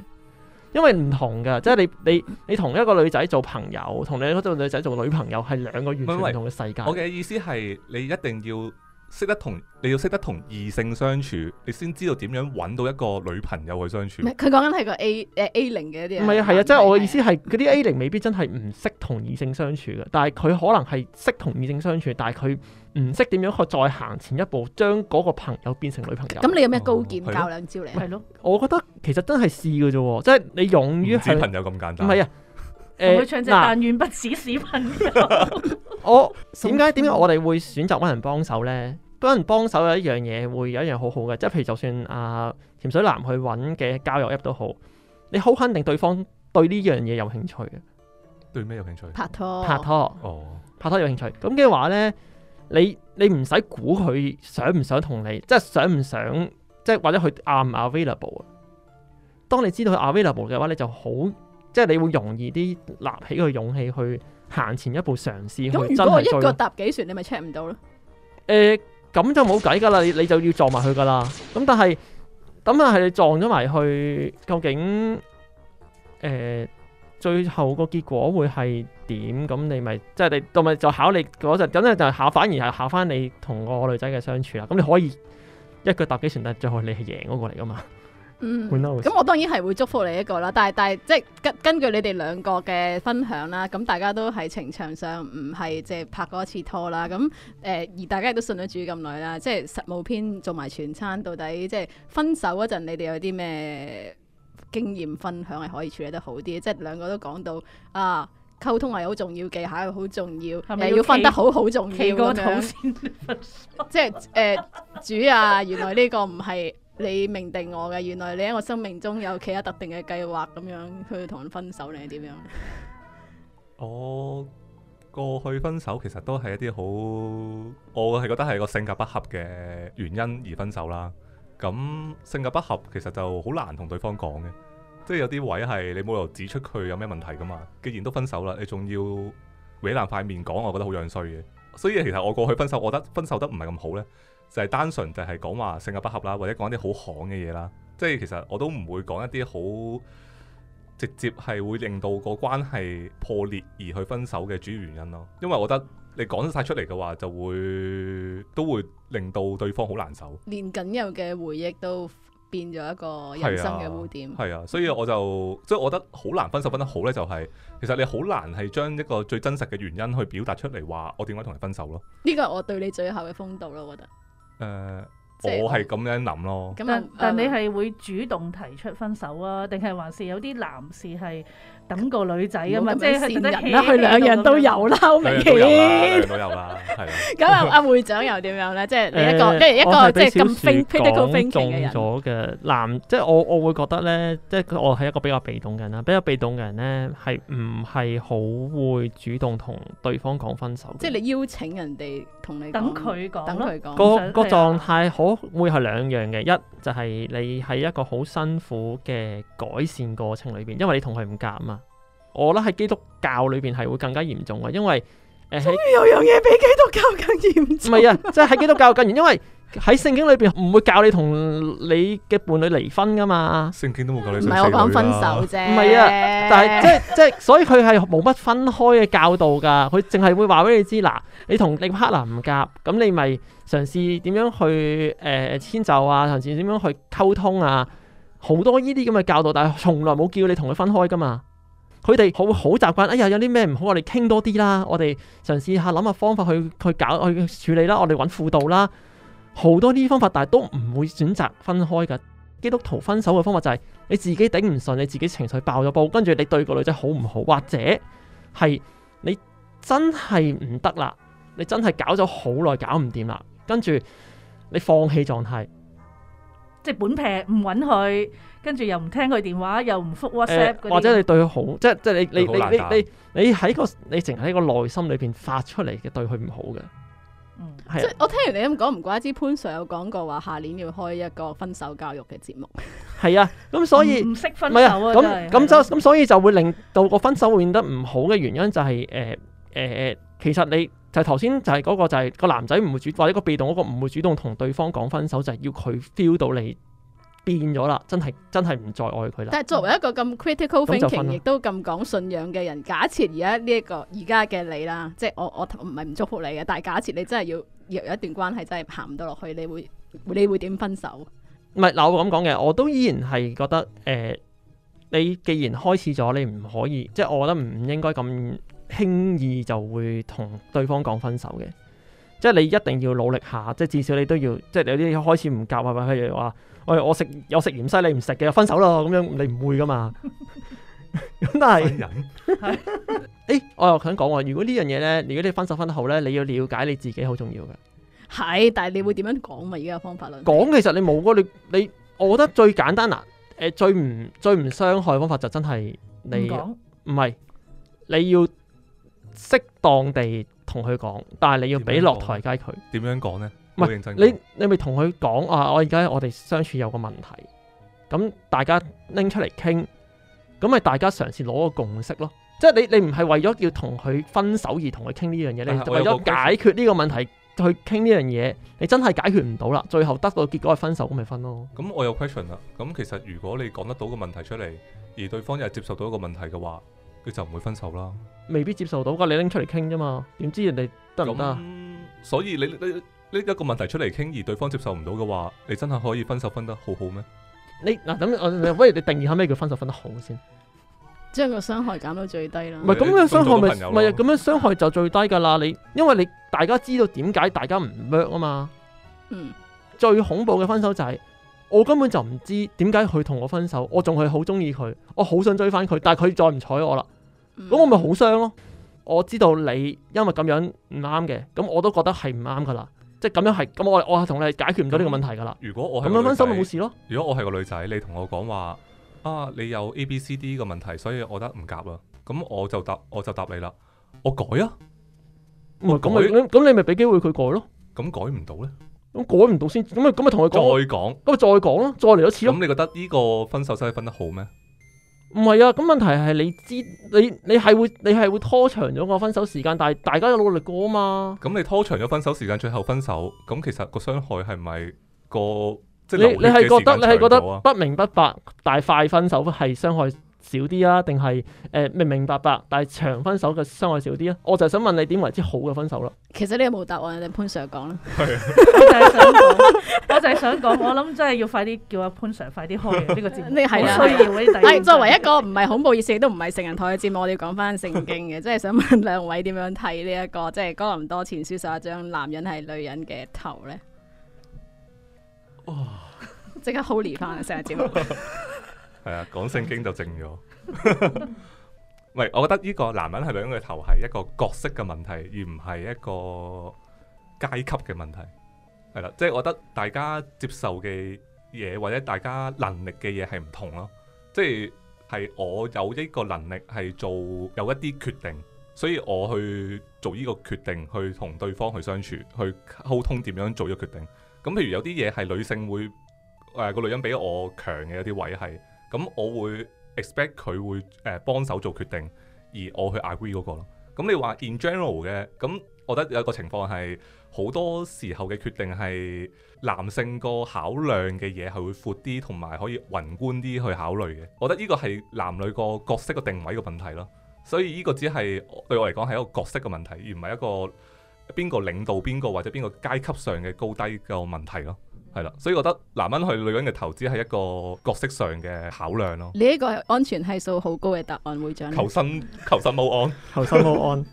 因為唔同㗎，即係你你你同一個女仔做朋友，同你嗰度女仔做女朋友，係兩個完全唔同嘅世界。我嘅意思係你一定要。識得同你要識得同異性相處，你先知道點樣揾到一個女朋友去相處。唔係佢講緊係個 A 誒 A 零嘅，一啲唔係啊，係啊，即係我嘅意思係嗰啲 A 零未必真係唔識同異性相處嘅，但係佢可能係識同異性相處，但係佢唔識點樣去再行前一步，將嗰個朋友變成女朋友。咁你有咩高見教兩招嚟？係咯、啊，我覺得其實真係試嘅啫，即係你勇於係朋友咁簡單，唔係啊。誒，嗱，但遠不止小朋友。我點解點解我哋會選擇揾人幫手呢？揾 人幫手有一樣嘢，會有一樣好好嘅，即係譬如就算阿、呃、潛水男去揾嘅交友 app 都好，你好肯定對方對呢樣嘢有興趣嘅。對咩有興趣？興趣拍拖，拍拖，哦，拍拖有興趣。咁嘅話呢，你你唔使估佢想唔想同你，即係想唔想，即係或者佢啱唔 available 啊。當你知道佢 available 嘅話，你就好。即係你會容易啲立起個勇氣去行前一步嘗試去真係做。咁如果一腳踏幾船，你咪 check 唔到咯？誒、呃，咁就冇計噶啦，你就要撞埋去噶啦。咁但係，咁但係你撞咗埋去，究竟誒、呃、最後個結果會係點？咁你咪即係你，到咪就考你嗰陣，咁咧就考反而係考翻你同個女仔嘅相處啦。咁你可以一腳踏幾船，但係最後你係贏嗰個嚟噶嘛？嗯，咁我當然係會祝福你一個啦。但係但係即係根根據你哋兩個嘅分享啦，咁大家都喺情場上唔係即係拍過一次拖啦。咁誒而大家都信咗主咁耐啦，即係實務篇做埋全餐，到底即係分手嗰陣，你哋有啲咩經驗分享係可以處理得好啲？即係兩個都講到啊，溝通係好重要嘅，技巧好重要，又要，要，要分得好好重要咁即係誒主啊，原來呢個唔係。你命定我嘅，原來你喺我生命中有其他特定嘅計劃咁樣，去同人分手你係點樣？我過去分手其實都係一啲好，我係覺得係個性格不合嘅原因而分手啦。咁性格不合其實就好難同對方講嘅，即係有啲位係你冇理由指出佢有咩問題㗎嘛。既然都分手啦，你仲要搲爛塊面講，我覺得好樣衰嘅。所以其實我過去分手，我覺得分手得唔係咁好呢。就係單純就係講話性格不合啦，或者講啲好兇嘅嘢啦，即係其實我都唔會講一啲好直接係會令到個關係破裂而去分手嘅主要原因咯。因為我覺得你講晒出嚟嘅話，就會都會令到對方好難受，連僅有嘅回憶都變咗一個人生嘅污點。係啊，啊，所以我就即係我覺得好難分手分得好呢，就是，就係其實你好難係將一個最真實嘅原因去表達出嚟話我點解同你分手咯。呢個係我對你最後嘅風度咯，我覺得。誒，uh, 即係 我係咁樣諗咯。但但你係會主動提出分手啊？定係還是有啲男士係？等個女仔啊嘛，即係善人啦，佢兩樣都有啦，好明顯。兩樣都有啦，係啊。咁阿阿會長又點樣咧？即係你一個，即係一個即係咁 fit，講中咗嘅男，即係我我會覺得咧，即係我係一個比較被動嘅人啦。比較被動嘅人咧，係唔係好會主動同對方講分手？即係你邀請人哋同你等佢講，等佢講。個個狀態好會係兩樣嘅，一就係你係一個好辛苦嘅改善過程裏邊，因為你同佢唔夾啊嘛。我覺得喺基督教裏邊係會更加嚴重嘅，因為誒，終於有樣嘢比基督教更嚴重。唔係 啊，即係喺基督教更嚴，因為喺聖經裏邊唔會教你同你嘅伴侶離婚噶嘛。聖經都冇教你唔係我講分手啫，唔係啊。但係即係即係，所以佢係冇乜分開嘅教導噶。佢淨係會話俾你知嗱， 你同你克 a r 唔夾咁，你咪嘗試點樣去誒遷就啊，甚至點樣去溝通啊，好多呢啲咁嘅教導，但係從來冇叫你同佢分開噶嘛。佢哋好好習慣，哎呀，有啲咩唔好，我哋傾多啲啦，我哋嘗試下諗下方法去去搞去處理啦，我哋揾輔導啦，好多啲方法，但係都唔會選擇分開㗎。基督徒分手嘅方法就係、是、你自己頂唔順，你自己情緒爆咗煲，跟住你對個女仔好唔好，或者係你真係唔得啦，你真係搞咗好耐搞唔掂啦，跟住你放棄狀態。即係本平唔搵佢，跟住又唔聽佢電話，又唔復 WhatsApp 嗰啲。或者你對佢好，即係即係你你你你你喺個你淨喺個內心裏邊發出嚟嘅對佢唔好嘅。嗯，係。即係我聽完你咁講，唔怪之潘 Sir 有講過話，下年要開一個分手教育嘅節目。係啊，咁所以唔識分手啊，真係。咁咁就咁，所以就會令到個分手會變得唔好嘅原因就係誒誒誒，其實你。就頭先，就係嗰個，就係個男仔唔會主，或者個被動嗰個唔會主動同對方講分手，就係、是、要佢 feel 到你變咗啦，真係真係唔再愛佢啦。但係作為一個咁 critical thinking，、嗯、亦都咁講信仰嘅人，假設而家呢一個而家嘅你啦，即係我我唔係唔祝福你嘅，但係假設你真係要若有一段關係真係行唔到落去，你會你會點分手？唔係嗱，我咁講嘅，我都依然係覺得誒、呃，你既然開始咗，你唔可以，即係我覺得唔應該咁，輕易就會同對方講分手嘅，即係你一定要努力下，即係至少你都要，即係你有啲開始唔夾啊，譬如話喂，我我食有食芫茜你唔食嘅，就分手咯咁樣，你唔會噶嘛。咁但係，誒，我又想講，我如果呢樣嘢咧，如果你分手分得好咧，你要了解你自己好重要嘅。係，但係你會點樣講嘛？而家嘅方法論講，其實你冇嗰你你，我覺得最簡單啦，誒、呃，最唔最唔傷害嘅方法就真係你唔係說你要。適當地同佢講，但係你要俾落台階佢點樣講呢？唔係你你咪同佢講啊！我而家我哋相處有個問題，咁大家拎出嚟傾，咁咪大家嘗試攞個共識咯。即係你你唔係為咗要同佢分手而同佢傾呢樣嘢，是你係為咗解決呢個問題去傾呢樣嘢。你真係解決唔到啦，最後得到結果係分手咁，咪分咯。咁我有 question 啦。咁其實如果你講得到個問題出嚟，而對方又係接受到一個問題嘅話，佢就唔會分手啦，未必接受到噶，你拎出嚟傾啫嘛，點知人哋得唔得啊？嗯、所以你你呢一個問題出嚟傾，而對方接受唔到嘅話，你真係可以分手分得好好咩？你嗱咁，不如你定義下咩叫分手分得好先，即係個傷害減到最低啦。唔係咁樣傷害咪唔係啊？咁樣傷害就最低噶啦。你因為你大家知道點解大家唔 match 啊嘛，嗯，最恐怖嘅分手就係，我根本就唔知點解佢同我分手，我仲係好中意佢，我好想追翻佢，但係佢再唔睬我啦。咁我咪好傷咯！我知道你因為咁樣唔啱嘅，咁我都覺得係唔啱噶啦，即係咁樣係咁我我係同你解決唔到呢個問題噶啦。如果我咁樣分手咪冇事咯。如果我係個女仔，你同我講話啊，你有 A、B、C、D 個問題，所以我覺得唔夾啦。咁我就答我就答你啦，我改啊。咁咁是改你咪俾機會佢改咯。咁改唔到咧？咁改唔到先，咁咪咁咪同佢再講說，咁咪再講咯，再嚟一次咯。咁你覺得呢個分手真係分得好咩？唔係啊，咁問題係你知你你係會你係會拖長咗個分手時間，但係大家有努力過啊嘛。咁你拖長咗分手時間，最後分手，咁其實個傷害係咪個即係你你你係覺得你係覺得不明不白大快分手係傷害？少啲啊，定係誒，明明白白，但係長分手嘅傷害少啲啊？我就想問你點為之好嘅分手咯？其實你有冇答案，你潘 sir 講啦。係， 我就係想講，我諗真係要快啲叫阿潘 sir 快啲開呢、這個節目，需要呢啲。係作為一個唔係恐怖意思，亦都唔係成人台嘅節目，我哋要講翻聖經嘅，即係 想問兩位點樣睇呢一個即係哥林多前書十一章男人係女人嘅頭咧？哦， 即刻 Holy 翻成日節目。 係啊，講聖經就正咗。 喂，我覺得呢個男人係女人嘅頭，係一個角色嘅問題，而唔係一個階級嘅問題。係啦，即係我覺得大家接受嘅嘢，或者大家能力嘅嘢係唔同咯。即係，係我有一個能力係做有一啲決定，所以我去做呢個決定，去同對方去相處，去溝通點樣做呢個決定。咁譬如有啲嘢係女性會誒個、呃、女人比我強嘅有啲位係。咁、嗯、我會 expect 佢會誒、呃、幫手做決定，而我去 agree 嗰個咯。咁、嗯、你話 in general 嘅，咁、嗯、我覺得有一個情況係好多時候嘅決定係男性個考量嘅嘢係會闊啲，同埋可以宏觀啲去考慮嘅。我覺得呢個係男女個角色嘅定位嘅問題咯。所以呢個只係對我嚟講係一個角色嘅問題，而唔係一個邊個領導邊個或者邊個階級上嘅高低嘅問題咯。係啦，所以覺得男人去女人嘅投資係一個角色上嘅考量咯。你呢個係安全係數好高嘅答案，會長。求生，求生冇安，求生冇安。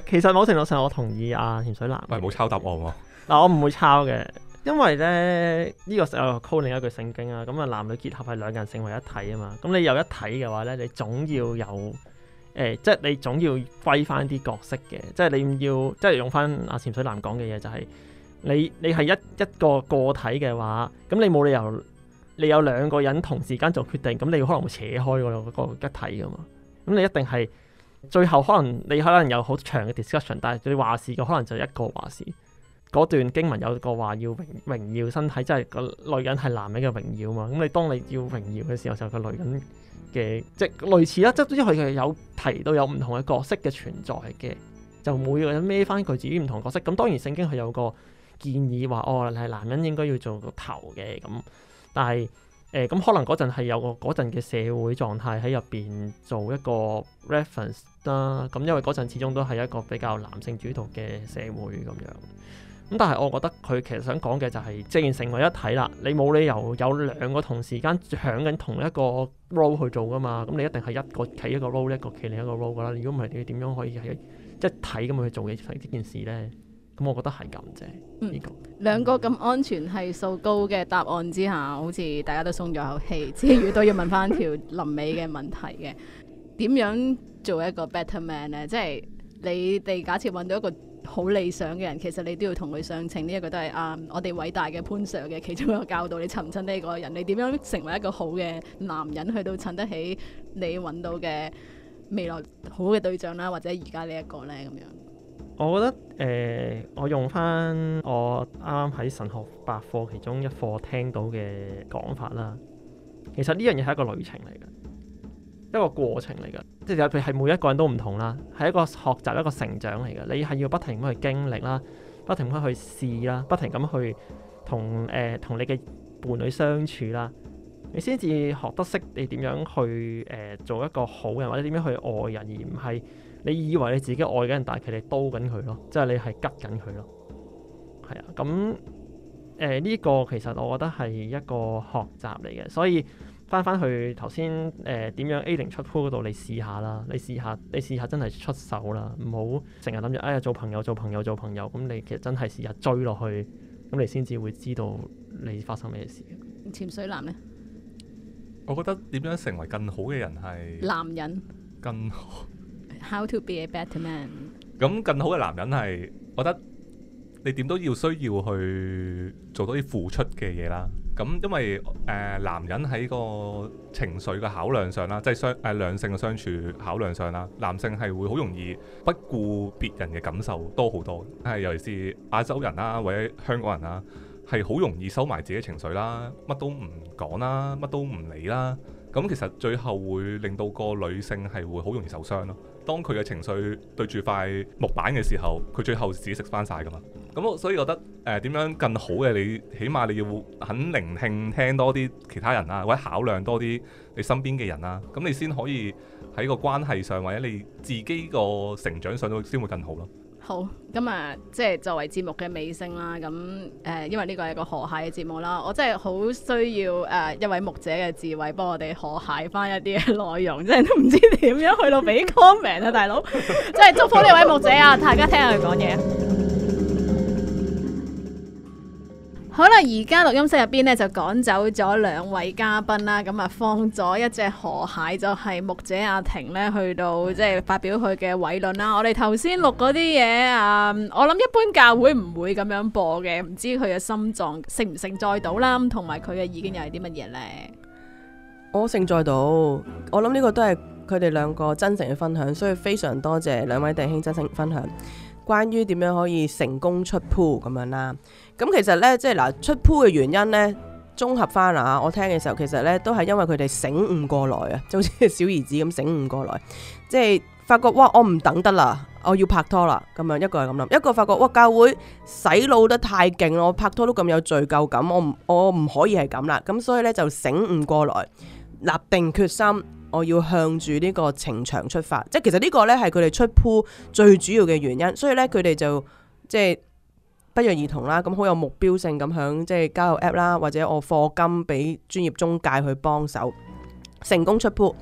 誒，其實某程度上我同意阿潛水男喂。唔係冇抄答案喎。嗱，我唔會抄嘅，因為咧呢、呢個時候引另一句聖經啊，咁啊男女結合係兩個人成為一體啊嘛。咁你有一體嘅話咧，你總要有誒，即、呃、係、就是、你總要歸翻啲角色嘅，即、就、係、是、你要，即、就、係、是、用翻阿潛水男講嘅嘢就係、是。你你係一一個個體嘅話，咁你冇理由你有兩個人同時間做決定，咁你可能會扯開、個個一體噶嘛？咁你一定係最後可能你可能有好長嘅 discussion，但係對話事嘅可能就一個話事嗰段經文有個話要榮，榮耀身體，即係個女人係男人嘅榮耀嘛？咁你當你要榮耀嘅時候，就個女人嘅即係類似啦，即係佢有提到有唔同嘅角色嘅存在嘅，就每個人孭翻佢自己唔同角色。咁當然聖經係有個。建議話哦，你係男人應該要做個頭嘅咁，但係誒咁可能嗰陣係有個嗰陣嘅社會狀態喺入邊做一個 reference 啦。咁、嗯、因為嗰陣始終都係一個比較男性主導嘅社會咁樣。咁、嗯、但係我覺得佢其實想講嘅就係、是，既然成為一體啦，你冇理由有兩個同時間搶緊同一個 role 去做噶嘛。咁、嗯、你一定係一個企一個 role，一個企另一,一個 role 噶啦。如果唔係你點樣可以係一、就是、一體咁去做嘅呢件事咧？咁我覺得係咁啫。嗯，這個、兩個咁安全係數高嘅答案之下， 好似大家都鬆咗口氣。之餘都要問翻條臨尾嘅問題嘅，點 樣做一個 better man 咧？即係你哋假設揾到一個好理想嘅人，其實你都要同佢相襯。呢、這、一個都係啊，我哋偉大嘅潘 sir 嘅其中一個教導。你襯唔襯呢一個人？你點樣成為一個好嘅男人，去到襯得起你揾到嘅未來好嘅對象啦，或者而家呢一個咧咁樣？我覺得誒、呃，我用翻我啱啱喺神學百科其中一課聽到嘅講法啦。其實呢樣嘢係一個旅程嚟嘅，一個過程嚟嘅。即係譬如係每一個人都唔同啦，係一個學習一個成長嚟嘅。你係要不停咁去經歷啦，不停咁去試啦，不停咁去同誒同你嘅伴侶相處啦，你先至學得識你點樣去誒、呃、做一個好人，或者點樣去愛人，而唔係。你以為你自己愛嘅人，但係你刀緊佢咯，即係你係急緊佢咯，係啊，咁誒呢個其實我覺得係一個學習嚟嘅，所以翻翻去頭先誒點樣 A 零出 pool 嗰度你試下啦，你試下你試下，下真係出手啦，唔好成日諗住哎呀，做朋友做朋友做朋友，咁你其實真係試下追落去，咁你先至會知道你發生咩事。潛水男呢？我覺得點樣成為更好嘅人係男人更好。How to be a better man？咁更好嘅男人係，我覺得你點都要需要去做多啲付出嘅嘢啦。咁因為誒、呃，男人喺個情緒嘅考量上啦，即係相誒，兩性嘅相處考量上啦，男性係會好容易不顧別人嘅感受多好多。係尤其是亞洲人啦，或者香港人啦，係好容易收埋自己情緒啦，乜都唔講啦，乜都唔理啦。咁其實最後會令到個女性係會好容易受傷咯。當佢嘅情緒對住塊木板嘅時候，佢最後自己食翻晒噶嘛。咁所以覺得誒點、呃、樣更好嘅？你起碼你要肯聆聽，聽多啲其他人啊，或者考量多啲你身邊嘅人啊。咁你先可以喺個關係上或者你自己個成長上都先會更好咯。好咁啊！即係作為節目嘅尾聲啦，咁誒、呃，因為呢個係一個河蟹嘅節目啦，我真係好需要誒、呃、一位牧者嘅智慧，幫我哋河蟹翻一啲內容，真係都唔知點樣去到俾 comment 啊， 大佬！真係祝福呢位牧者啊，大家聽下佢講嘢。好啦，而家錄音室入邊咧就趕走咗兩位嘉賓啦，咁啊放咗一隻河蟹，就係、是、牧者阿婷咧去到即係發表佢嘅偉論啦。我哋頭先錄嗰啲嘢啊，我諗一般教會唔會咁樣播嘅，唔知佢嘅心臟承唔承載到啦，同埋佢嘅意見又係啲乜嘢呢？我承載到，我諗呢個都係佢哋兩個真誠嘅分享，所以非常多謝兩位弟兄真誠分享。關於點樣可以成功出鋪咁樣啦，咁其實咧即係嗱出鋪嘅原因咧，綜合翻啦，我聽嘅時候其實咧都係因為佢哋醒悟過來啊，就好似小兒子咁醒悟過來，即係發覺哇，我唔等得啦，我要拍拖啦，咁樣一個係咁諗，一個發覺哇，教會洗腦得太勁咯，我拍拖都咁有罪疚感，我唔我唔可以係咁啦，咁所以咧就醒悟過來，立定決心。我要向住呢個情場出發，即係其實呢個呢係佢哋出 POOL 最主要嘅原因，所以呢，佢哋就即係不約而同啦，咁好有目標性咁響即係交友 app 啦，或者我課金俾專業中介去幫手成功出 POOL，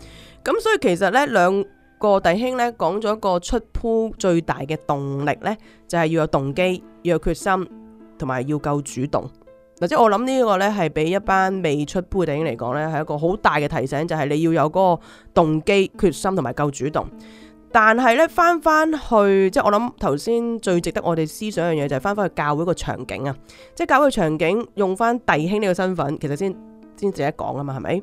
咁所以其實呢兩個弟兄呢，講咗個出 POOL 最大嘅動力呢，就係、是、要有動機、要有決心同埋要夠主動。嗱，即我諗呢個呢，係俾一班未出 Pool 嘅弟兄嚟講呢，係一個好大嘅提醒，就係、是、你要有嗰個動機、決心同埋夠主動。但係呢，翻翻去即係我諗頭先最值得我哋思想嘅嘢，就係翻翻去教會個場景啊！即係教會嘅場景，用翻弟兄呢個身份，其實先先自己講啊嘛，係咪？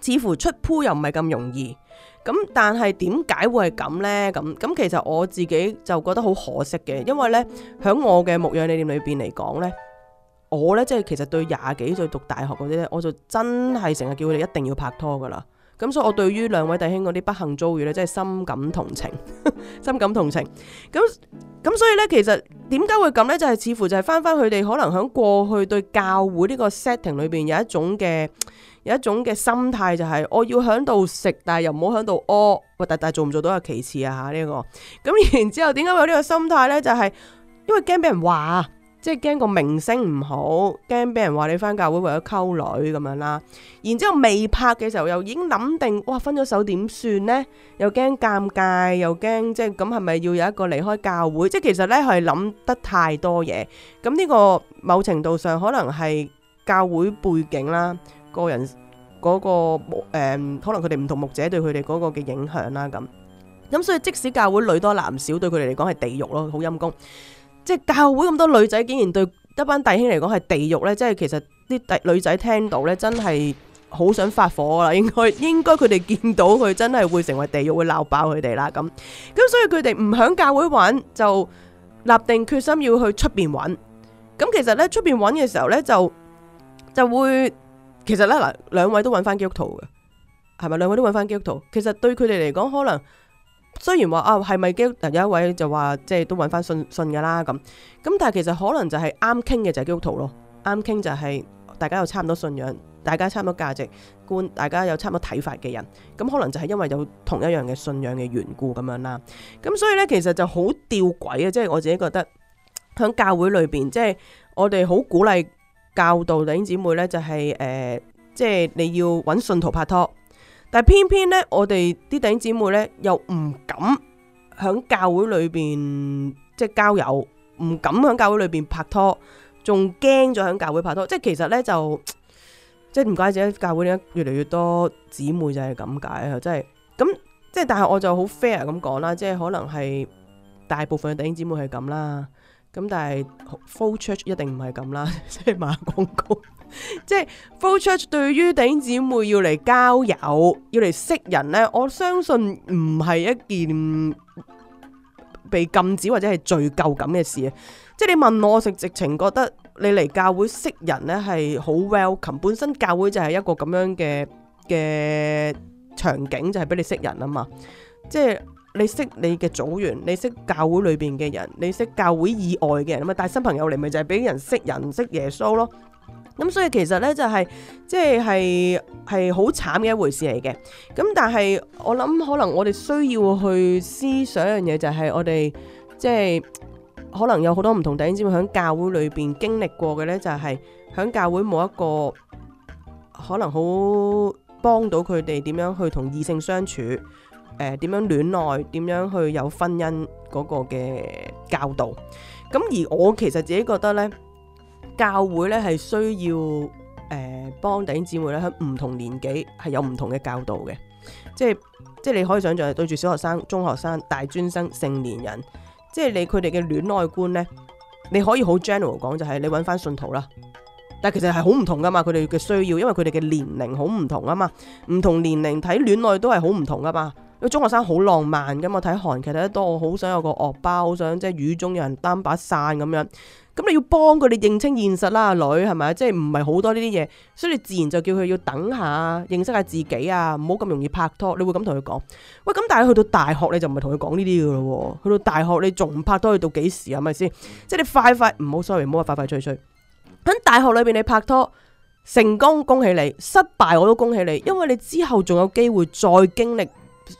似乎出 Pool 又唔係咁容易，咁但係點解會係咁呢？咁咁其實我自己就覺得好可惜嘅，因為呢，響我嘅牧養理念裏邊嚟講呢。我咧，即係其實對廿幾歲讀大學嗰啲咧，我就真係成日叫佢哋一定要拍拖噶啦。咁所以我對於兩位弟兄嗰啲不幸遭遇咧，真係深感同情呵呵，深感同情。咁咁所以咧，其實點解會咁咧？就係、是、似乎就係翻翻佢哋可能喺過去對教會呢個 setting 裏邊有一種嘅有一種嘅心態、啊啊這個，就係我要喺度食，但係又唔好喺度屙。喂，但係做唔做到係其次啊吓呢個。咁然之後，點解會有呢個心態咧？就係因為驚俾人話。即係驚個名聲唔好，驚俾人話你返教會為咗溝女咁樣啦。然之後未拍嘅時候又已經諗定，哇，分咗手點算呢？又驚尷尬，又驚即係咁係咪要有一個離開教會？即係其實呢係諗得太多嘢。咁呢個某程度上可能係教會背景啦，個人嗰個誒，可能佢哋唔同牧者對佢哋嗰個嘅影響啦。咁咁所以即使教會女多男少，對佢哋嚟講係地獄咯，好陰公。即係教會咁多女仔，竟然對一班弟兄嚟講係地獄咧，即係其實啲弟女仔聽到咧，真係好想發火啦。應該應該佢哋見到佢真係會成為地獄，會鬧爆佢哋啦。咁咁所以佢哋唔響教會揾，就立定決心要去出邊揾。咁其實咧出邊揾嘅時候咧，就就會其實咧嗱，兩位都揾翻基督徒嘅，係咪？兩位都揾翻基督徒。其實對佢哋嚟講，可能。雖然話啊係咪基？有一位就話即係都揾翻信信噶啦咁，咁但係其實可能就係啱傾嘅就係基督徒咯，啱傾就係大家有差唔多信仰，大家差唔多價值觀，大家有差唔多睇法嘅人，咁可能就係因為有同一樣嘅信仰嘅緣故咁樣啦。咁所以咧其實就好吊詭啊，即係我自己覺得響教會裏邊，即係我哋好鼓勵教導弟兄姊妹咧，就係、是、誒、呃，即係你要揾信徒拍拖。但係偏偏咧，我哋啲弟兄姊妹咧又唔敢喺教會裏邊即係交友，唔敢喺教會裏邊拍拖，仲驚咗喺教會拍拖。即係其實咧就即係唔怪之得教會裏邊越嚟越多姊妹就係咁解啊！即係咁即係，但係我就好 fair 咁講啦，即係可能係大部分嘅弟兄姊妹係咁啦，咁但係 full church 一定唔係咁啦，即係馬廣告。即係，full church 對於頂姊妹要嚟交友，要嚟識人呢，我相信唔係一件被禁止或者係罪疚咁嘅事啊。即係你問我，我成直情覺得你嚟教會識人呢係好 welcome。本身教會就係一個咁樣嘅嘅場景，就係俾你識人啊嘛。即係你識你嘅組員，你識教會裏邊嘅人，你識教會以外嘅人，咁啊帶新朋友嚟，咪就係俾人識人、識耶穌咯。咁、嗯、所以其實咧就係、是、即係係好慘嘅一回事嚟嘅。咁但係我諗可能我哋需要去思想一樣嘢，就係、是、我哋即係可能有好多唔同弟兄姊妹喺教會裏邊經歷過嘅咧，就係、是、喺教會冇一個可能好幫到佢哋點樣去同異性相處，誒、呃、點樣戀愛，點樣去有婚姻嗰個嘅教導。咁、嗯、而我其實自己覺得咧。教會咧係需要，誒、呃、幫弟兄姊妹咧喺唔同年紀係有唔同嘅教導嘅，即係即係你可以想象係對住小學生、中學生、大專生、成年人，即係你佢哋嘅戀愛觀咧，你可以好 general 講就係、是、你揾翻信徒啦，但係其實係好唔同噶嘛，佢哋嘅需要，因為佢哋嘅年齡好唔同啊嘛，唔同年齡睇戀愛都係好唔同噶嘛，因為中學生好浪漫噶嘛，睇韓劇睇得多，好想有個惡包，好想即係雨中有人擔把傘咁樣。咁你要幫佢哋認清現實啦，阿女係咪？即係唔係好多呢啲嘢，所以你自然就叫佢要等下，認識下自己啊，唔好咁容易拍拖。你會咁同佢講喂咁？但係去到大學你就唔係同佢講呢啲嘅咯。去到大學你仲唔拍拖去到幾時啊？係咪先？即係你快快唔好 sorry，唔好話快快脆脆。喺大學裏邊你拍拖成功，恭喜你；失敗我都恭喜你，因為你之後仲有機會再經歷。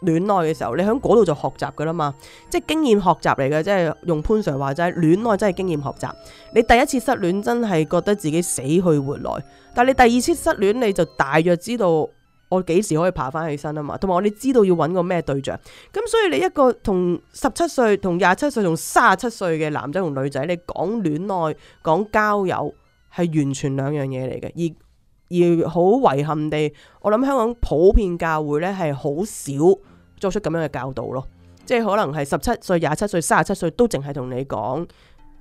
戀愛嘅時候，你喺嗰度就學習噶啦嘛，即係經驗學習嚟嘅，即係用潘 Sir 話齋，戀愛真係經驗學習。你第一次失戀真係覺得自己死去活來，但係你第二次失戀你就大約知道我幾時可以爬翻起身啊嘛，同埋我你知道要揾個咩對象。咁所以你一個同十七歲、同廿七歲、同三十七歲嘅男仔同女仔，你講戀愛、講交友係完全兩樣嘢嚟嘅，而而好遺憾地，我諗香港普遍教會咧係好少作出咁樣嘅教導咯，即係可能係十七歲、廿七歲、三十七歲都淨係同你講，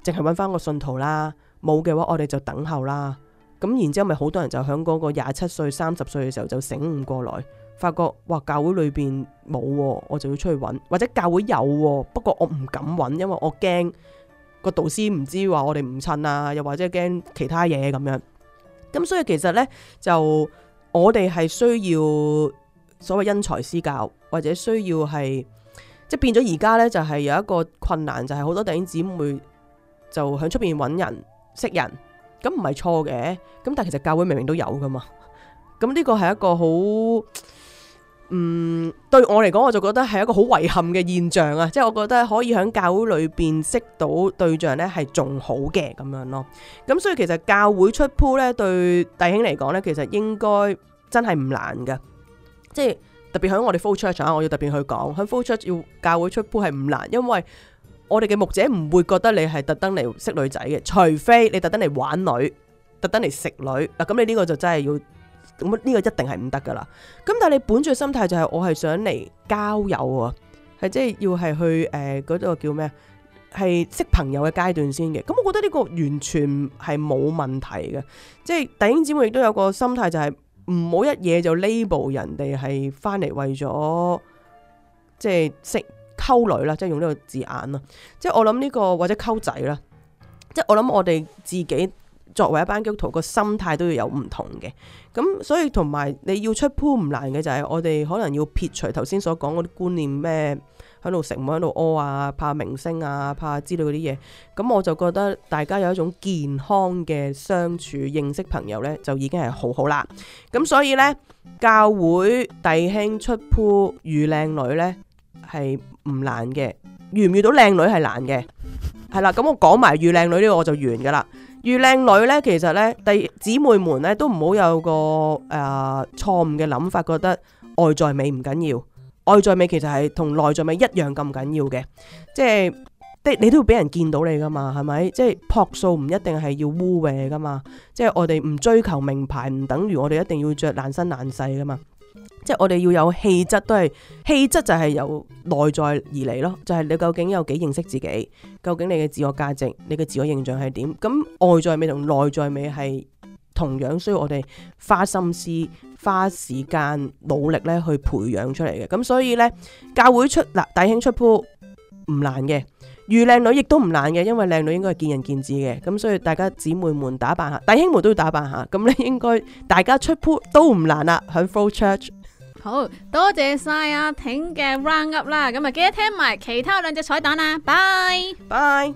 淨係揾翻個信徒啦。冇嘅話，我哋就等候啦。咁然之後，咪好多人就喺嗰個廿七歲、三十歲嘅時候就醒悟過來，發覺哇，教會裏邊冇，我就要出去揾，或者教會有啊，不過我唔敢揾，因為我驚個導師唔知話我哋唔襯啊，又或者驚其他嘢咁樣。咁、嗯、所以其實咧，就我哋係需要所謂因材施教，或者需要係即係變咗而家咧，就係、是、有一個困難，就係、是、好多弟兄姊妹就喺出邊揾人識人，咁唔係錯嘅，咁但係其實教會明明都有㗎嘛，咁呢個係一個好。嗯，對我嚟講，我就覺得係一個好遺憾嘅現象啊！即係我覺得可以喺教會裏邊識到對象呢，係仲好嘅咁樣咯。咁所以其實教會出 POOL 呢，對弟兄嚟講呢，其實應該真係唔難嘅。即係特別喺我哋 focus 上，我要特別去講喺 focus 要教會出 POOL 係唔難，因為我哋嘅牧者唔會覺得你係特登嚟識女仔嘅，除非你特登嚟玩女、特登嚟食女嗱。咁你呢個就真係要。咁呢個一定係唔得噶啦，咁但係你本著心態就係、是、我係想嚟交友啊，係即係要係去誒嗰度叫咩啊，係識朋友嘅階段先嘅。咁我覺得呢個完全係冇問題嘅，即係弟兄姊妹亦都有個心態就係唔好一嘢就 label 人哋係翻嚟為咗即係識溝女啦，即係用呢個字眼啦，即係我諗呢、這個或者溝仔啦，即係我諗我哋自己。作為一班基督徒，個心態都要有唔同嘅，咁所以同埋你要出 pool 唔難嘅就係、是、我哋可能要撇除頭先所講嗰啲觀念咩，喺度食唔好喺度屙啊，怕明星啊，怕之類嗰啲嘢。咁我就覺得大家有一種健康嘅相處、認識朋友呢，就已經係好好啦。咁所以呢，教會弟兄出 pool 遇靚女呢，係唔難嘅，遇唔遇到女 靚女係難嘅，係啦。咁我講埋遇靚女呢個我就完噶啦。遇靚女咧，其實咧，弟姊妹們咧都唔好有個誒錯誤嘅諗法，覺得外在美唔緊要。外在美其實係同內在美一樣咁緊要嘅，即係的你都要俾人見到你㗎嘛，係咪？即係樸素唔一定係要污穢㗎嘛，即係我哋唔追求名牌，唔等於我哋一定要着爛身爛世㗎嘛。即係我哋要有氣質，都係氣質就係由內在而嚟咯。就係、是、你究竟有幾認識自己，究竟你嘅自我價值、你嘅自我形象係點？咁外在美同內在美係同樣需要我哋花心思、花時間、努力咧去培養出嚟嘅。咁所以呢，教會出嗱弟、啊、兄出鋪唔難嘅，遇靚女亦都唔難嘅，因為靚女應該係見仁見智嘅。咁所以大家姊妹們打扮下，弟兄們都要打扮下。咁你應該大家出鋪都唔難啦，喺。Full Church。好，多謝晒阿婷嘅 round up 啦，咁啊記得聽埋其他兩隻彩蛋啦，拜拜。